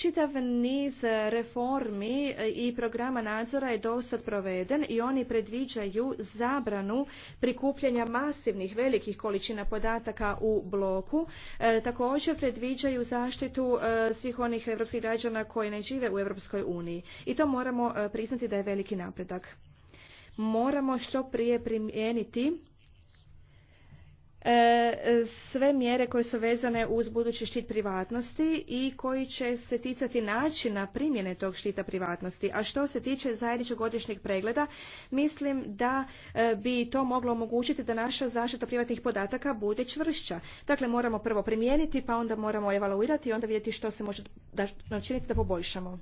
Čitav niz reformi i programa nadzora je dosad proveden i oni predviđaju zabranu prikupljanja masivnih velikih količina podataka u bloku. E, također predviđaju zaštitu e, svih onih europskih građana koji ne žive u Europskoj uniji. I to moramo e, priznati da je veliki napredak. Moramo što prije primijeniti E, sve mjere koje su vezane uz budući štit privatnosti i koji će se ticati načina primjene tog štita privatnosti. A što se tiče zajedničkog godišnjeg pregleda, mislim da e, bi to moglo omogućiti da naša zaštita privatnih podataka bude čvršća. Dakle, moramo prvo primijeniti, pa onda moramo evaluirati i onda vidjeti što se može načiniti da poboljšamo.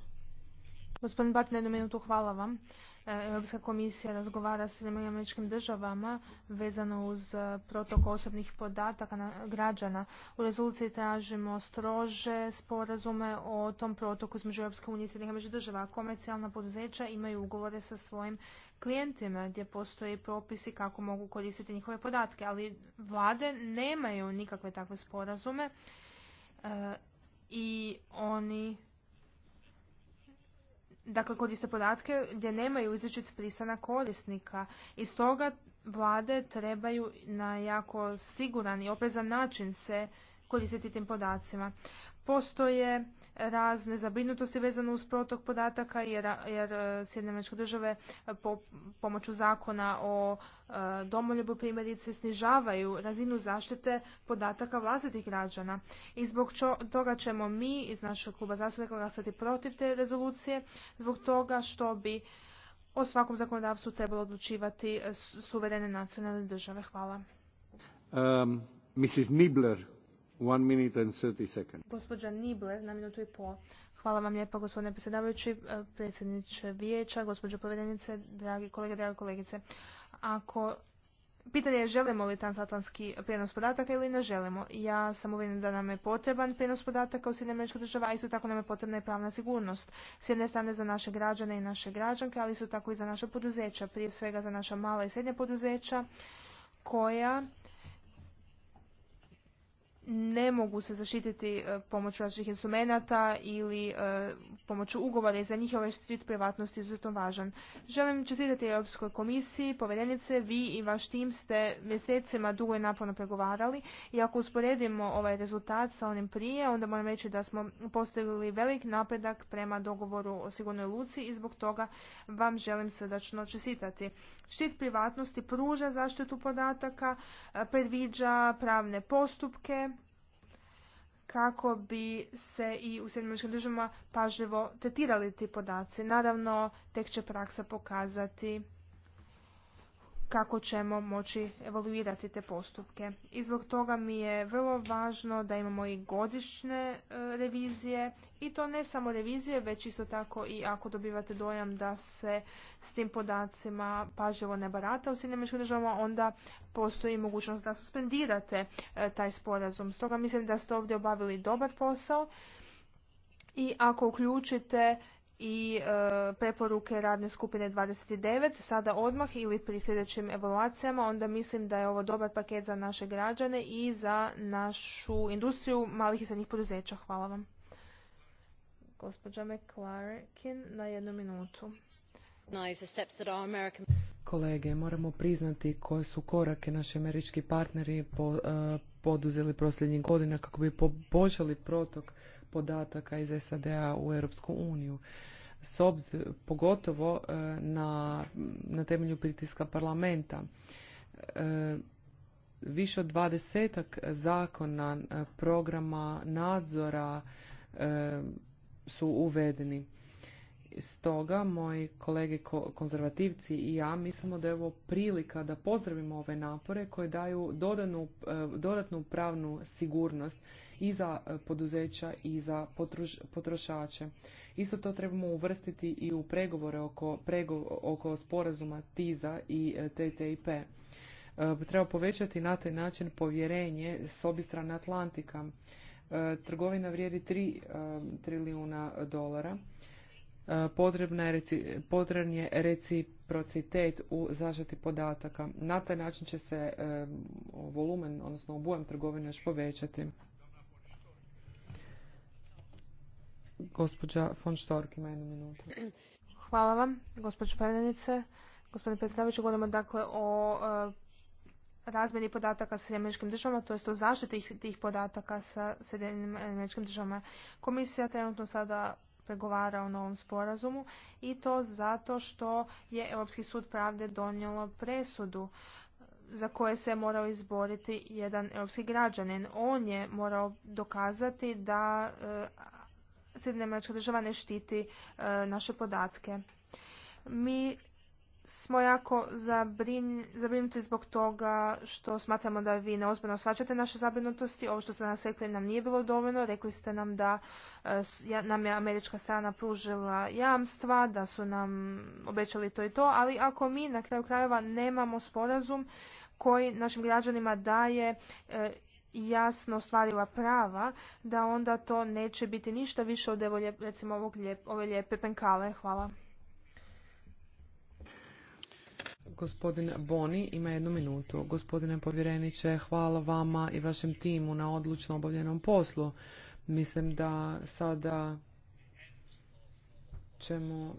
Gospodin Batne, jednu minutu, hvala vam. E, Europska komisija razgovara s američkim državama vezano uz e, protok osobnih podataka na građana. U rezoluciji tražimo strože sporazume o tom protoku između Europske unije i Sjedinjenih država. Komercijalna poduzeća imaju ugovore sa svojim klijentima gdje postoje propisi kako mogu koristiti njihove podatke, ali vlade nemaju nikakve takve sporazume e, i oni dakle koriste podatke gdje nemaju izričit pristana korisnika i stoga vlade trebaju na jako siguran i oprezan način se koristiti tim podacima. Postoje razne zabrinutosti vezano uz protok podataka jer, jer e, države e, po pomoću zakona o e, domoljubu primjerice snižavaju razinu zaštite podataka vlastitih građana. I zbog toga ćemo mi iz našeg kluba zastupnika glasati protiv te rezolucije, zbog toga što bi o svakom zakonodavstvu trebalo odlučivati suverene nacionalne države. Hvala. Mrs. Nibler na minutu i pol. Hvala vam lijepo gospodine predsjedavajući, e, predsjedniče vijeća, gospođo povjerenice, dragi kolege, drage kolegice. Ako Pitanje je želimo li transatlantski prijenos podataka ili ne želimo. Ja sam uvjerena da nam je potreban prijenos podataka u Sjedinjenim država, a isto tako nam je potrebna i pravna sigurnost. S jedne strane za naše građane i naše građanke, ali isto tako i za naša poduzeća, prije svega za naša mala i srednja poduzeća koja ne mogu se zaštititi e, pomoću različitih instrumenata ili e, pomoću ugovora i za njih ovaj štit privatnosti izuzetno važan. Želim čestitati Europskoj komisiji, povjerenice. vi i vaš tim ste mjesecima dugo i naporno pregovarali i ako usporedimo ovaj rezultat sa onim prije, onda moram reći da smo postavili velik napredak prema dogovoru o sigurnoj luci i zbog toga vam želim srdačno čestitati. Štit privatnosti pruža zaštitu podataka, e, predviđa pravne postupke, kako bi se i u Sjedinjenim državama pažljivo tetirali ti podaci. Naravno, tek će praksa pokazati kako ćemo moći evaluirati te postupke. I zbog toga mi je vrlo važno da imamo i godišnje e, revizije i to ne samo revizije, već isto tako i ako dobivate dojam da se s tim podacima pažljivo ne barata u Sjedinjeničkim državama, onda postoji mogućnost da suspendirate e, taj sporazum. Stoga mislim da ste ovdje obavili dobar posao i ako uključite i e, preporuke radne skupine 29 sada odmah ili pri sljedećim evaluacijama, onda mislim da je ovo dobar paket za naše građane i za našu industriju malih i srednjih poduzeća. Hvala vam. McClarkin na jednu minutu. Kolege, moramo priznati koje su korake naši američki partneri po, e, poduzeli prosljednjih godina kako bi poboljšali protok podataka iz SAD-a u Europsku uniju. S pogotovo e, na, na temelju pritiska parlamenta. E, više od dvadesetak zakona, e, programa, nadzora su uvedeni stoga moji kolege konzervativci i ja mislimo da je ovo prilika da pozdravimo ove napore koje daju dodanu, e, dodatnu pravnu sigurnost i za e, poduzeća i za potrošače. Isto to trebamo uvrstiti i u pregovore oko, oko sporazuma TISA i e, TTIP. Treba povećati na taj način povjerenje s obje strane Atlantika. Trgovina vrijedi 3 trilijuna dolara E, potrebna je, potreban je reciprocitet u zaštiti podataka. Na taj način će se e, volumen, odnosno obujam trgovine još povećati. Gospođa von Štork ima jednu minutu. Hvala vam, gospođo Pavljenice. Gospodine predstavljajući, govorimo dakle o e, razmjeni podataka sa američkim državama, to jest o zaštiti tih, podataka sa Sjedinjenim američkim državama. Komisija trenutno sada pregovara o novom sporazumu i to zato što je Europski sud pravde donijelo presudu za koje se je morao izboriti jedan europski građanin. On je morao dokazati da e, Sjedinemačka država ne štiti e, naše podatke. Mi smo jako zabrinuti zbog toga što smatramo da vi neozbiljno shvaćate naše zabrinutosti. Ovo što ste nas rekli nam nije bilo dovoljno. Rekli ste nam da e, nam je američka strana pružila jamstva, da su nam obećali to i to, ali ako mi na kraju krajeva nemamo sporazum koji našim građanima daje e, jasno ostvariva prava, da onda to neće biti ništa više od recimo ovog ove lijepe penkale. Hvala. Gospodin Boni ima jednu minutu. Gospodine povjereniče, hvala vama i vašem timu na odlučno obavljenom poslu. Mislim da sada ćemo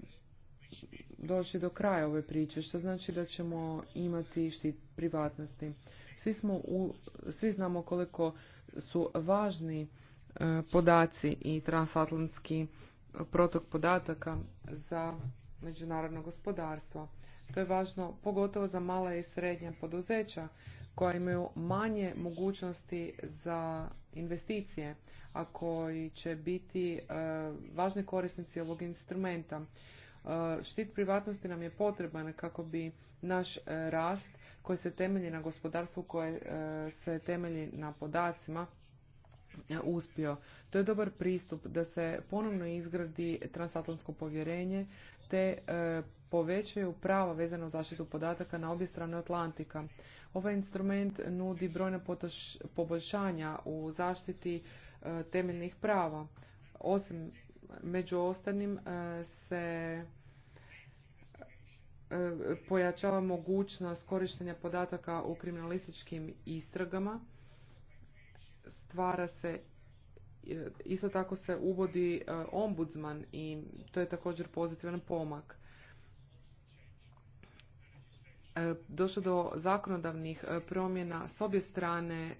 doći do kraja ove priče, što znači da ćemo imati štit privatnosti. Svi, smo svi znamo koliko su važni e, podaci i transatlantski protok podataka za međunarodno gospodarstvo. To je važno pogotovo za mala i srednja poduzeća koja imaju manje mogućnosti za investicije, a koji će biti e, važni korisnici ovog instrumenta. E, štit privatnosti nam je potreban kako bi naš e, rast koji se temelji na gospodarstvu, koje se temelji na podacima, uspio. To je dobar pristup da se ponovno izgradi transatlantsko povjerenje te e, povećaju prava vezano za zaštitu podataka na obje strane Atlantika. Ovaj instrument nudi brojna poboljšanja u zaštiti e, temeljnih prava. Osim među ostalim e, se e, pojačava mogućnost korištenja podataka u kriminalističkim istragama stvara se e, isto tako se uvodi e, ombudsman i to je također pozitivan pomak. E, došlo do zakonodavnih promjena s obje strane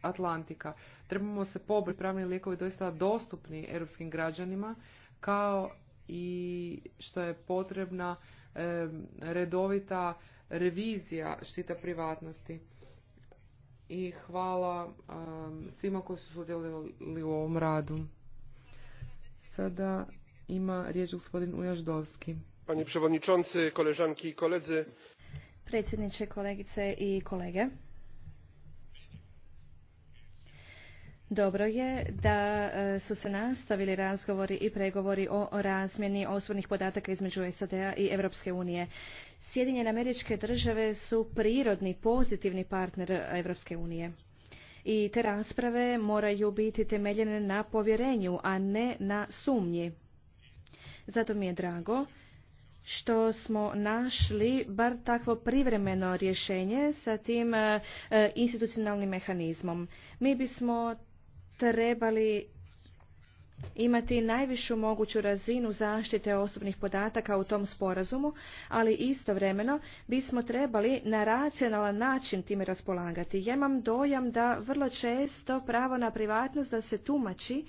Atlantika. Trebamo se pobriti pravni lijekovi doista dostupni europskim građanima kao i što je potrebna redovita revizija štita privatnosti i hvala um, svima koji su sudjelovali u ovom radu. Sada ima riječ gospodin Ujaždovski. Panie przewodniczący, koleżanki i koledzy. Predsjedniče, kolegice i kolege. Dobro je da e, su se nastavili razgovori i pregovori o razmjeni osvornih podataka između SAD-a i Europske unije. Sjedinjene američke države su prirodni pozitivni partner Europske unije. I te rasprave moraju biti temeljene na povjerenju, a ne na sumnji. Zato mi je drago što smo našli bar takvo privremeno rješenje sa tim e, institucionalnim mehanizmom. Mi bismo trebali imati najvišu moguću razinu zaštite osobnih podataka u tom sporazumu, ali istovremeno bismo trebali na racionalan način time raspolagati. Ja imam dojam da vrlo često pravo na privatnost da se tumači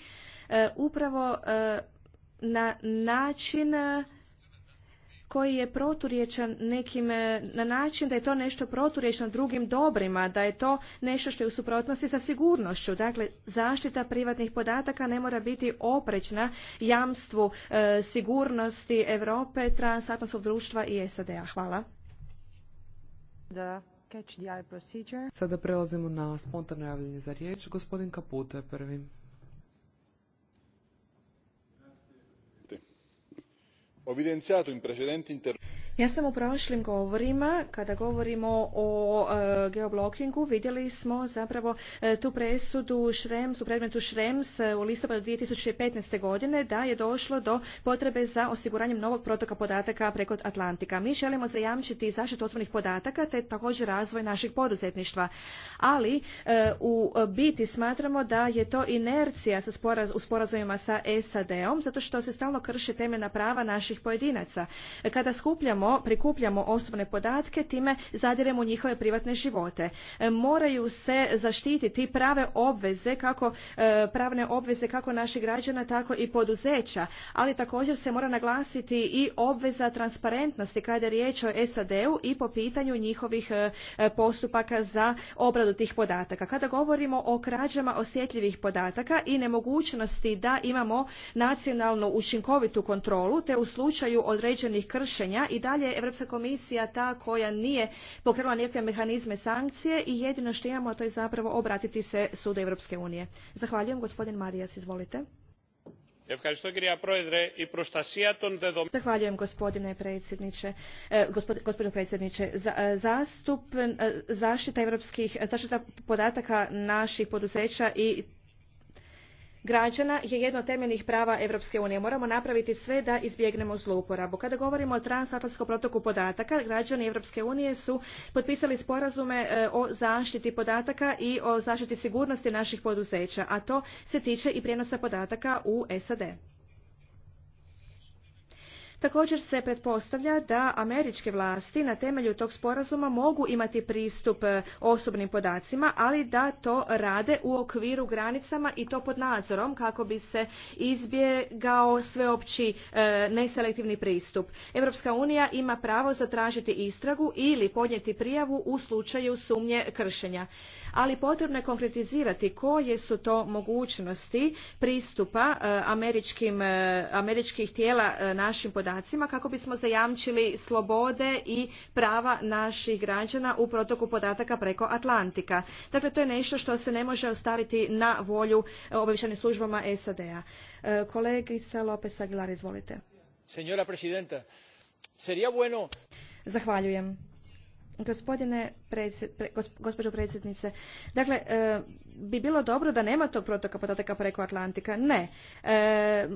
e, upravo e, na način koji je proturječan nekim e, na način da je to nešto proturječno drugim dobrima, da je to nešto što je u suprotnosti sa sigurnošću. Dakle, zaštita privatnih podataka ne mora biti oprečna jamstvu e, sigurnosti Europe, transatlantskog društva i SAD-a. Hvala. Da. Sada prelazimo na spontano javljanje za riječ. Gospodin Kaputo prvi. ho evidenziato in precedenti interventi. Ja sam u prošlim govorima, kada govorimo o e, geoblokingu, vidjeli smo zapravo e, tu presudu Šrems, u predmetu Šrems e, u listopadu 2015. godine da je došlo do potrebe za osiguranjem novog protoka podataka preko Atlantika. Mi želimo zajamčiti zaštitu osobnih podataka te također razvoj naših poduzetništva. Ali u biti smatramo da je to inercija u sporazumima sa SAD-om zato što se stalno krše temena prava naših pojedinaca. Kada skupljamo prikupljamo osobne podatke, time zadiremo njihove privatne živote. E, moraju se zaštititi prave obveze, kako e, pravne obveze kako naših građana, tako i poduzeća, ali također se mora naglasiti i obveza transparentnosti kada je riječ o SAD-u i po pitanju njihovih e, postupaka za obradu tih podataka. Kada govorimo o krađama osjetljivih podataka i nemogućnosti da imamo nacionalnu učinkovitu kontrolu, te u slučaju određenih kršenja i da dalje Europska komisija ta koja nije pokrenula nikakve mehanizme sankcije i jedino što imamo to je zapravo obratiti se sudu Europske unije. Zahvaljujem gospodin Marijas, izvolite. Zahvaljujem gospodine predsjedniče, e, gospodine predsjedniče. E, zastup, e, zaštita europskih, zaštita podataka naših poduzeća i građana je jedno od temeljnih prava Europske unije. Moramo napraviti sve da izbjegnemo zlouporabu. Kada govorimo o transatlantskom protoku podataka, građani Europske unije su potpisali sporazume e, o zaštiti podataka i o zaštiti sigurnosti naših poduzeća, a to se tiče i prijenosa podataka u SAD. Također se pretpostavlja da američke vlasti na temelju tog sporazuma mogu imati pristup e, osobnim podacima, ali da to rade u okviru granicama i to pod nadzorom kako bi se izbjegao sveopći e, neselektivni pristup. Europska unija ima pravo zatražiti istragu ili podnijeti prijavu u slučaju sumnje kršenja ali potrebno je konkretizirati koje su to mogućnosti pristupa e, e, američkih tijela e, našim podacima kako bismo zajamčili slobode i prava naših građana u protoku podataka preko Atlantika. Dakle, to je nešto što se ne može ostaviti na volju obavještajnim službama SAD-a. Kolegica Lopez Aguilar, izvolite. Señora presidenta, sería bueno... Zahvaljujem Gospodine gospođo predsjednice, dakle, e, bi bilo dobro da nema tog protoka podataka preko Atlantika? Ne. E,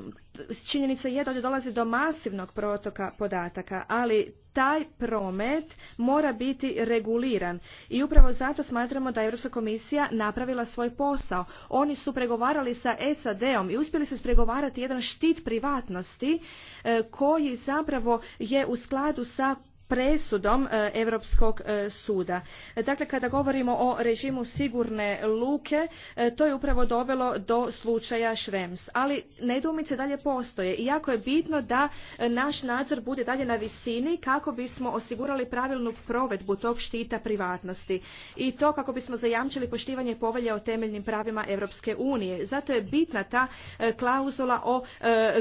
činjenica je da dolazi do masivnog protoka podataka, ali taj promet mora biti reguliran i upravo zato smatramo da je Europska komisija napravila svoj posao. Oni su pregovarali sa SAD-om i uspjeli su pregovarati jedan štit privatnosti e, koji zapravo je u skladu sa presudom e, Europskog e, suda. Dakle, kada govorimo o režimu sigurne luke, e, to je upravo dovelo do slučaja Šrems. Ali nedumice dalje postoje i jako je bitno da naš nadzor bude dalje na visini kako bismo osigurali pravilnu provedbu tog štita privatnosti i to kako bismo zajamčili poštivanje povelje o temeljnim pravima Europske unije. Zato je bitna ta klauzula o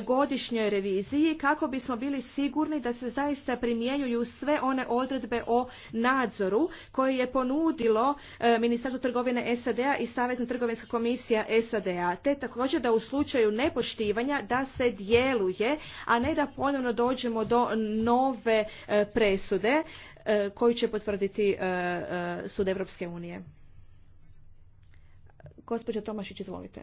godišnjoj reviziji kako bismo bili sigurni da se zaista primjenjuju sve one odredbe o nadzoru koje je ponudilo e, Ministarstvo trgovine SAD-a i Savezna trgovinska komisija SAD-a, te također da u slučaju nepoštivanja da se djeluje, a ne da ponovno dođemo do nove e, presude e, koju će potvrditi Sud Europske unije. Gospođa Tomašić, izvolite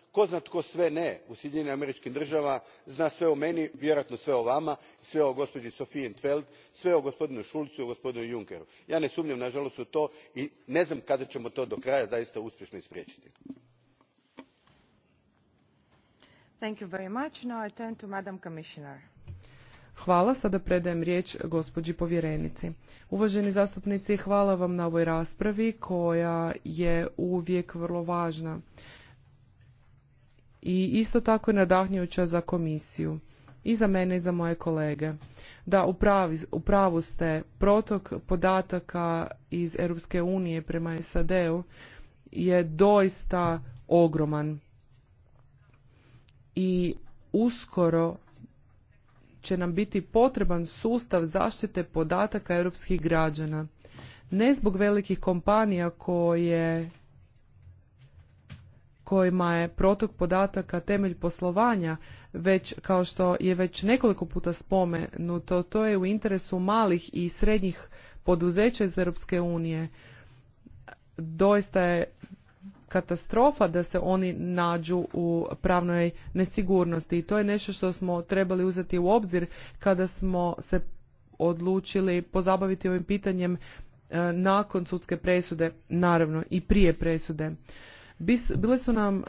tko zna tko sve ne u sjedinjenim američkim državama zna sve o meni vjerojatno sve o vama sve o gospođi sophia in sve o gospodinu schulzu i gospodinu junckeru. ja ne sumnjam nažalost u to i ne znam kada ćemo to do kraja zaista uspješno ispriječiti. Hvala. Sada predajem riječ gospođi povjerenici. Uvaženi zastupnici, hvala vam na ovoj raspravi koja je uvijek vrlo važna i isto tako je nadahnjuća za komisiju i za mene i za moje kolege. Da, u pravu ste, protok podataka iz Europske unije prema SAD-u je doista ogroman i uskoro će nam biti potreban sustav zaštite podataka europskih građana. Ne zbog velikih kompanija koje kojima je protok podataka temelj poslovanja, već kao što je već nekoliko puta spomenuto, to je u interesu malih i srednjih poduzeća iz Europske unije. Doista je katastrofa da se oni nađu u pravnoj nesigurnosti i to je nešto što smo trebali uzeti u obzir kada smo se odlučili pozabaviti ovim pitanjem e, nakon sudske presude, naravno i prije presude. Bile su nam e,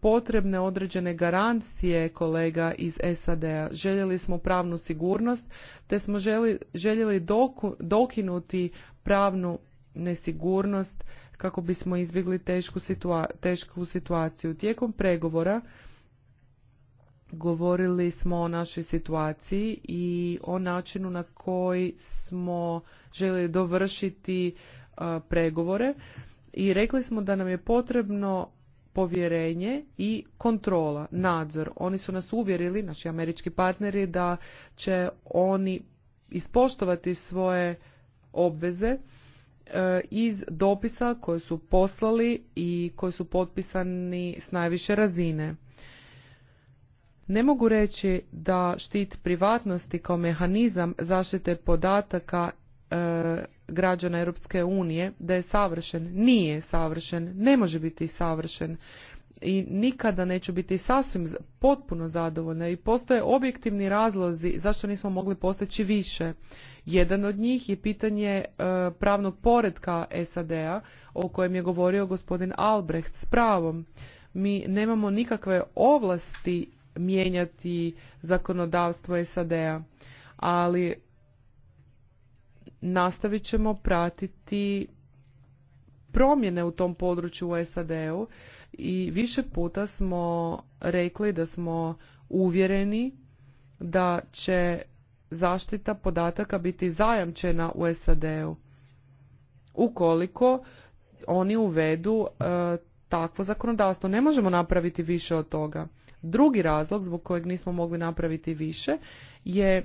potrebne određene garancije kolega iz SAD-a. Željeli smo pravnu sigurnost, te smo željeli dokinuti pravnu nesigurnost kako bismo izbjegli tešku, situaciju. Tijekom pregovora govorili smo o našoj situaciji i o načinu na koji smo željeli dovršiti e, pregovore i rekli smo da nam je potrebno povjerenje i kontrola, nadzor. Oni su nas uvjerili, naši američki partneri, da će oni ispoštovati svoje obveze e, iz dopisa koje su poslali i koji su potpisani s najviše razine. Ne mogu reći da štit privatnosti kao mehanizam zaštite podataka Eh, građana Europske unije da je savršen. Nije savršen, ne može biti savršen i nikada neću biti sasvim potpuno zadovoljna i postoje objektivni razlozi zašto nismo mogli postići više. Jedan od njih je pitanje eh, pravnog poredka SAD-a o kojem je govorio gospodin Albrecht s pravom. Mi nemamo nikakve ovlasti mijenjati zakonodavstvo SAD-a, ali nastavit ćemo pratiti promjene u tom području u SAD-u i više puta smo rekli da smo uvjereni da će zaštita podataka biti zajamčena u SAD-u ukoliko oni uvedu e, takvo zakonodavstvo. Ne možemo napraviti više od toga. Drugi razlog zbog kojeg nismo mogli napraviti više je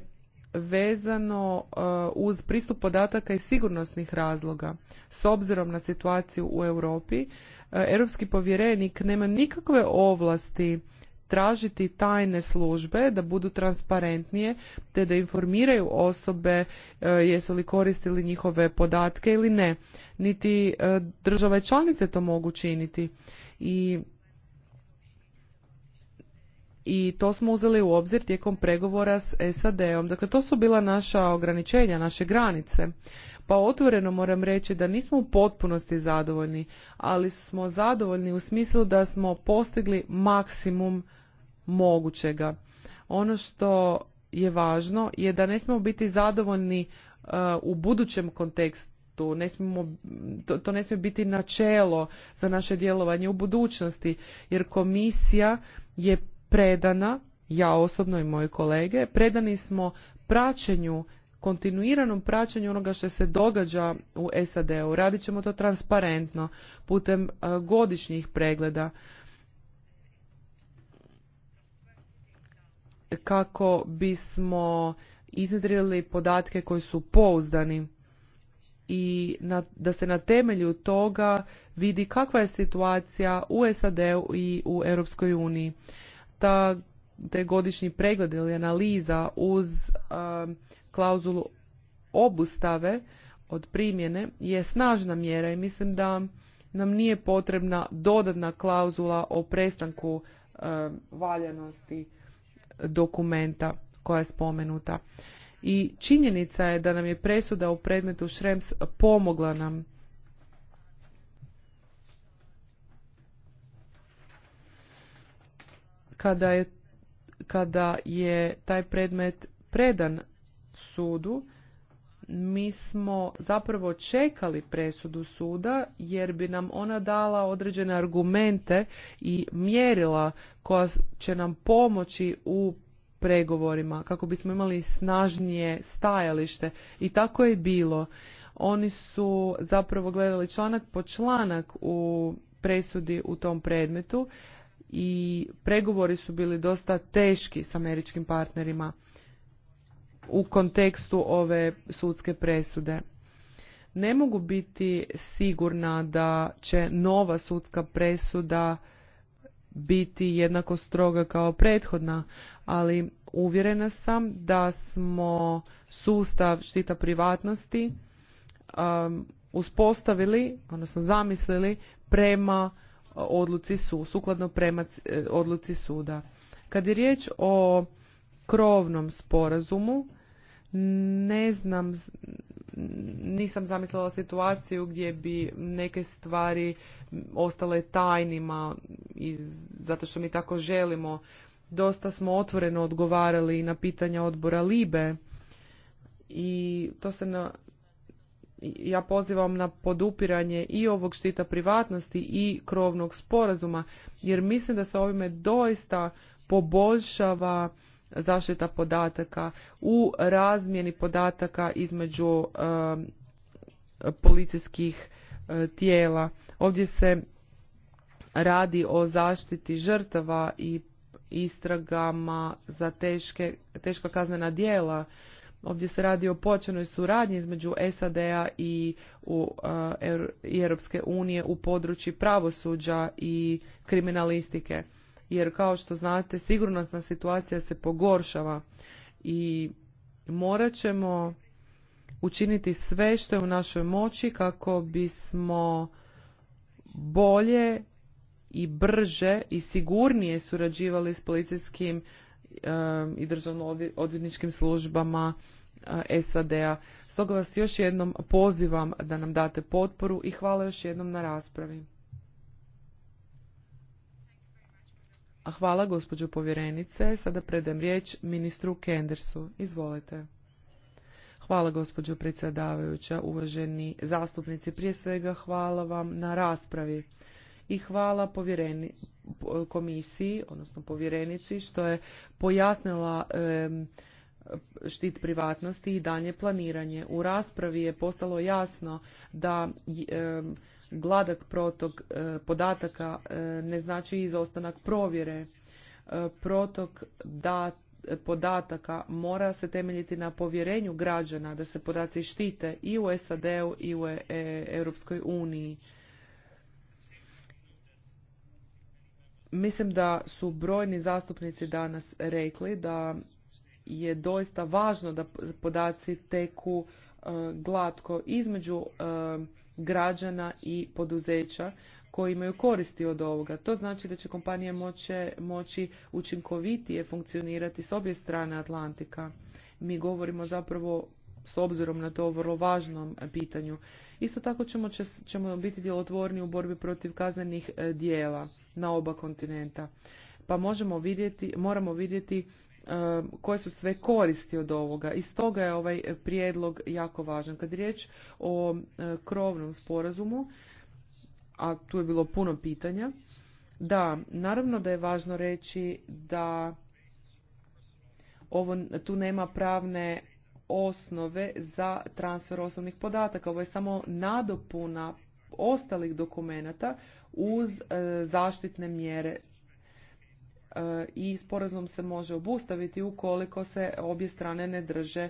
vezano e, uz pristup podataka iz sigurnosnih razloga. S obzirom na situaciju u Europi, e, europski povjerenik nema nikakve ovlasti tražiti tajne službe da budu transparentnije te da informiraju osobe e, jesu li koristili njihove podatke ili ne. Niti države članice to mogu činiti. I i to smo uzeli u obzir tijekom pregovora s SAD-om. Dakle, to su bila naša ograničenja, naše granice. Pa otvoreno moram reći da nismo u potpunosti zadovoljni, ali smo zadovoljni u smislu da smo postigli maksimum mogućega. Ono što je važno je da ne smijemo biti zadovoljni uh, u budućem kontekstu ne smijemo, to, to ne smije biti načelo za naše djelovanje u budućnosti jer komisija je predana, ja osobno i moji kolege, predani smo praćenju kontinuiranom praćenju onoga što se događa u SAD-u. Radit ćemo to transparentno putem e, godišnjih pregleda kako bismo iznedrili podatke koji su pouzdani i da se na temelju toga vidi kakva je situacija u SAD-u i u Europskoj uniji ta, te godišnji pregled ili analiza uz um, klauzulu obustave od primjene je snažna mjera i mislim da nam nije potrebna dodatna klauzula o prestanku um, valjanosti dokumenta koja je spomenuta. I činjenica je da nam je presuda u predmetu Šrems pomogla nam Kada je, kada je taj predmet predan sudu, mi smo zapravo čekali presudu suda jer bi nam ona dala određene argumente i mjerila koja će nam pomoći u pregovorima kako bismo imali snažnije stajalište i tako je bilo. Oni su zapravo gledali članak po članak u presudi u tom predmetu i pregovori su bili dosta teški s američkim partnerima u kontekstu ove sudske presude. Ne mogu biti sigurna da će nova sudska presuda biti jednako stroga kao prethodna, ali uvjerena sam da smo sustav štita privatnosti um, uspostavili, odnosno zamislili prema odluci su sukladno prema e, odluci suda. Kad je riječ o krovnom sporazumu, ne znam, nisam zamislila situaciju gdje bi neke stvari ostale tajnima iz, zato što mi tako želimo. Dosta smo otvoreno odgovarali na pitanja odbora Libe i to se na, ja pozivam na podupiranje i ovog štita privatnosti i krovnog sporazuma jer mislim da se ovime doista poboljšava zaštita podataka u razmjeni podataka između um, policijskih uh, tijela. Ovdje se radi o zaštiti žrtava i istragama za teške, teška kaznena djela Ovdje se radi o pojačanoj suradnji između SAD-a i, Europske unije u području pravosuđa i kriminalistike. Jer kao što znate, sigurnosna situacija se pogoršava i morat ćemo učiniti sve što je u našoj moći kako bismo bolje i brže i sigurnije surađivali s policijskim Um, i državno odvjetničkim službama uh, SAD-a. Stoga vas još jednom pozivam da nam date potporu i hvala još jednom na raspravi. hvala gospođo povjerenice. Sada predajem riječ ministru Kendersu. Izvolite. Hvala gospođo predsjedavajuća, uvaženi zastupnici. Prije svega hvala vam na raspravi i hvala povjereni, komisiji, odnosno povjerenici, što je pojasnila štit privatnosti i danje planiranje. U raspravi je postalo jasno da gladak protok e, podataka e, ne znači izostanak provjere. E, protok da podataka mora se temeljiti na povjerenju građana da se podaci štite i u SAD-u i u Europskoj uniji. Mislim da su brojni zastupnici danas rekli da je doista važno da podaci teku e, glatko između e, građana i poduzeća koji imaju koristi od ovoga. To znači da će kompanije moće, moći učinkovitije funkcionirati s obje strane Atlantika. Mi govorimo zapravo s obzirom na to vrlo važnom pitanju. Isto tako ćemo, ćemo biti djelotvorni u borbi protiv kaznenih e, dijela na oba kontinenta. Pa možemo vidjeti, moramo vidjeti e, koje su sve koristi od ovoga. I stoga je ovaj prijedlog jako važan. Kad riječ o e, krovnom sporazumu, a tu je bilo puno pitanja, da, naravno da je važno reći da ovo, tu nema pravne osnove za transfer osobnih podataka. Ovo je samo nadopuna ostalih dokumenata uz e, zaštitne mjere e, i sporazum se može obustaviti ukoliko se obje strane ne drže e,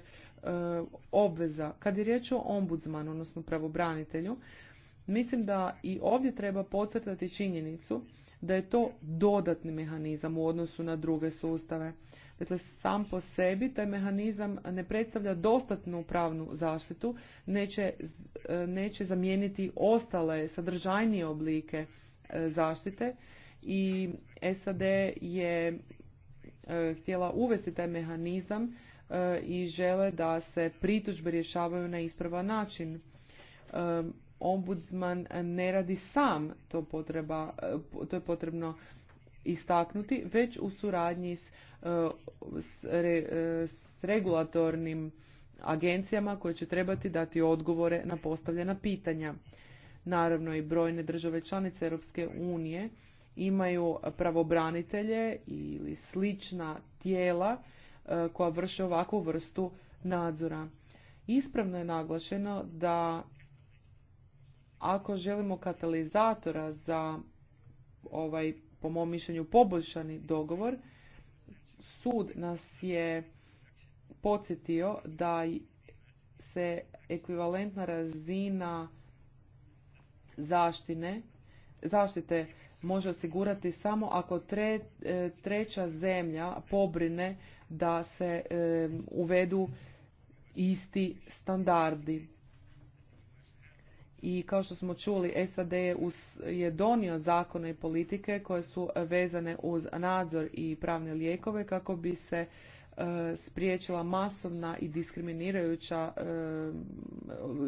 obveza. Kad je riječ o ombudsmanu, odnosno pravobranitelju, mislim da i ovdje treba podcrtati činjenicu da je to dodatni mehanizam u odnosu na druge sustave. Dakle, sam po sebi taj mehanizam ne predstavlja dostatnu pravnu zaštitu, neće, e, neće zamijeniti ostale sadržajnije oblike e, zaštite i SAD je e, htjela uvesti taj mehanizam i žele da se pritužbe rješavaju na ispravan način. Ombudsman ne radi sam, to, potreba, to je potrebno istaknuti, već u suradnji s, e, s, e, s regulatornim agencijama koje će trebati dati odgovore na postavljena pitanja. Naravno i brojne države članice Europske unije imaju pravobranitelje ili slična tijela e, koja vrše ovakvu vrstu nadzora. Ispravno je naglašeno da ako želimo katalizatora za ovaj po mom mišljenju poboljšani dogovor. Sud nas je podsjetio da se ekvivalentna razina zaštine, zaštite može osigurati samo ako e, treća zemlja pobrine da se e, uvedu isti standardi i kao što smo čuli SAD je, donio zakone i politike koje su vezane uz nadzor i pravne lijekove kako bi se e, spriječila masovna i diskriminirajuća e,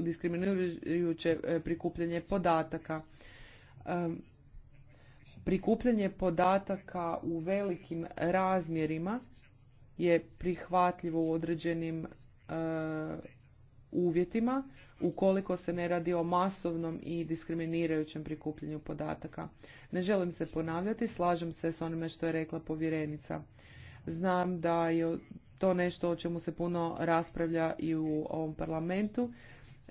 diskriminirajuće e, prikupljanje podataka prikupljanje podataka u velikim razmjerima je prihvatljivo u određenim uvjetima ukoliko se ne radi o masovnom i diskriminirajućem prikupljenju podataka. Ne želim se ponavljati, slažem se s onime što je rekla povjerenica. Znam da je to nešto o čemu se puno raspravlja i u ovom parlamentu.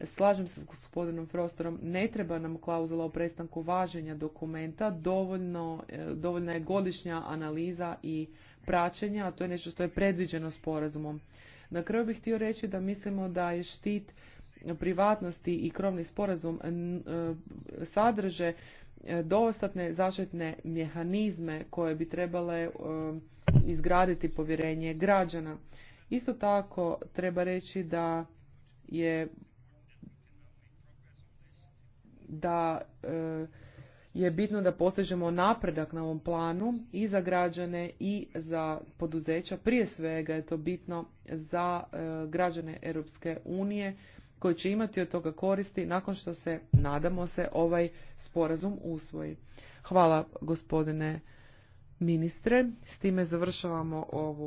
Slažem se s gospodinom Frostorom, ne treba nam klauzula o prestanku važenja dokumenta, dovoljno, e, dovoljna je godišnja analiza i praćenja, a to je nešto što je predviđeno sporazumom. Na kraju bih htio reći da mislimo da je štit privatnosti i krovni sporazum e, sadrže e, dostatne zaštitne mehanizme koje bi trebale e, izgraditi povjerenje građana. Isto tako treba reći da je da je bitno da postižemo napredak na ovom planu i za građane i za poduzeća. Prije svega je to bitno za e, građane Europske unije koji će imati od toga koristi nakon što se, nadamo se, ovaj sporazum usvoji. Hvala gospodine ministre. S time završavamo ovu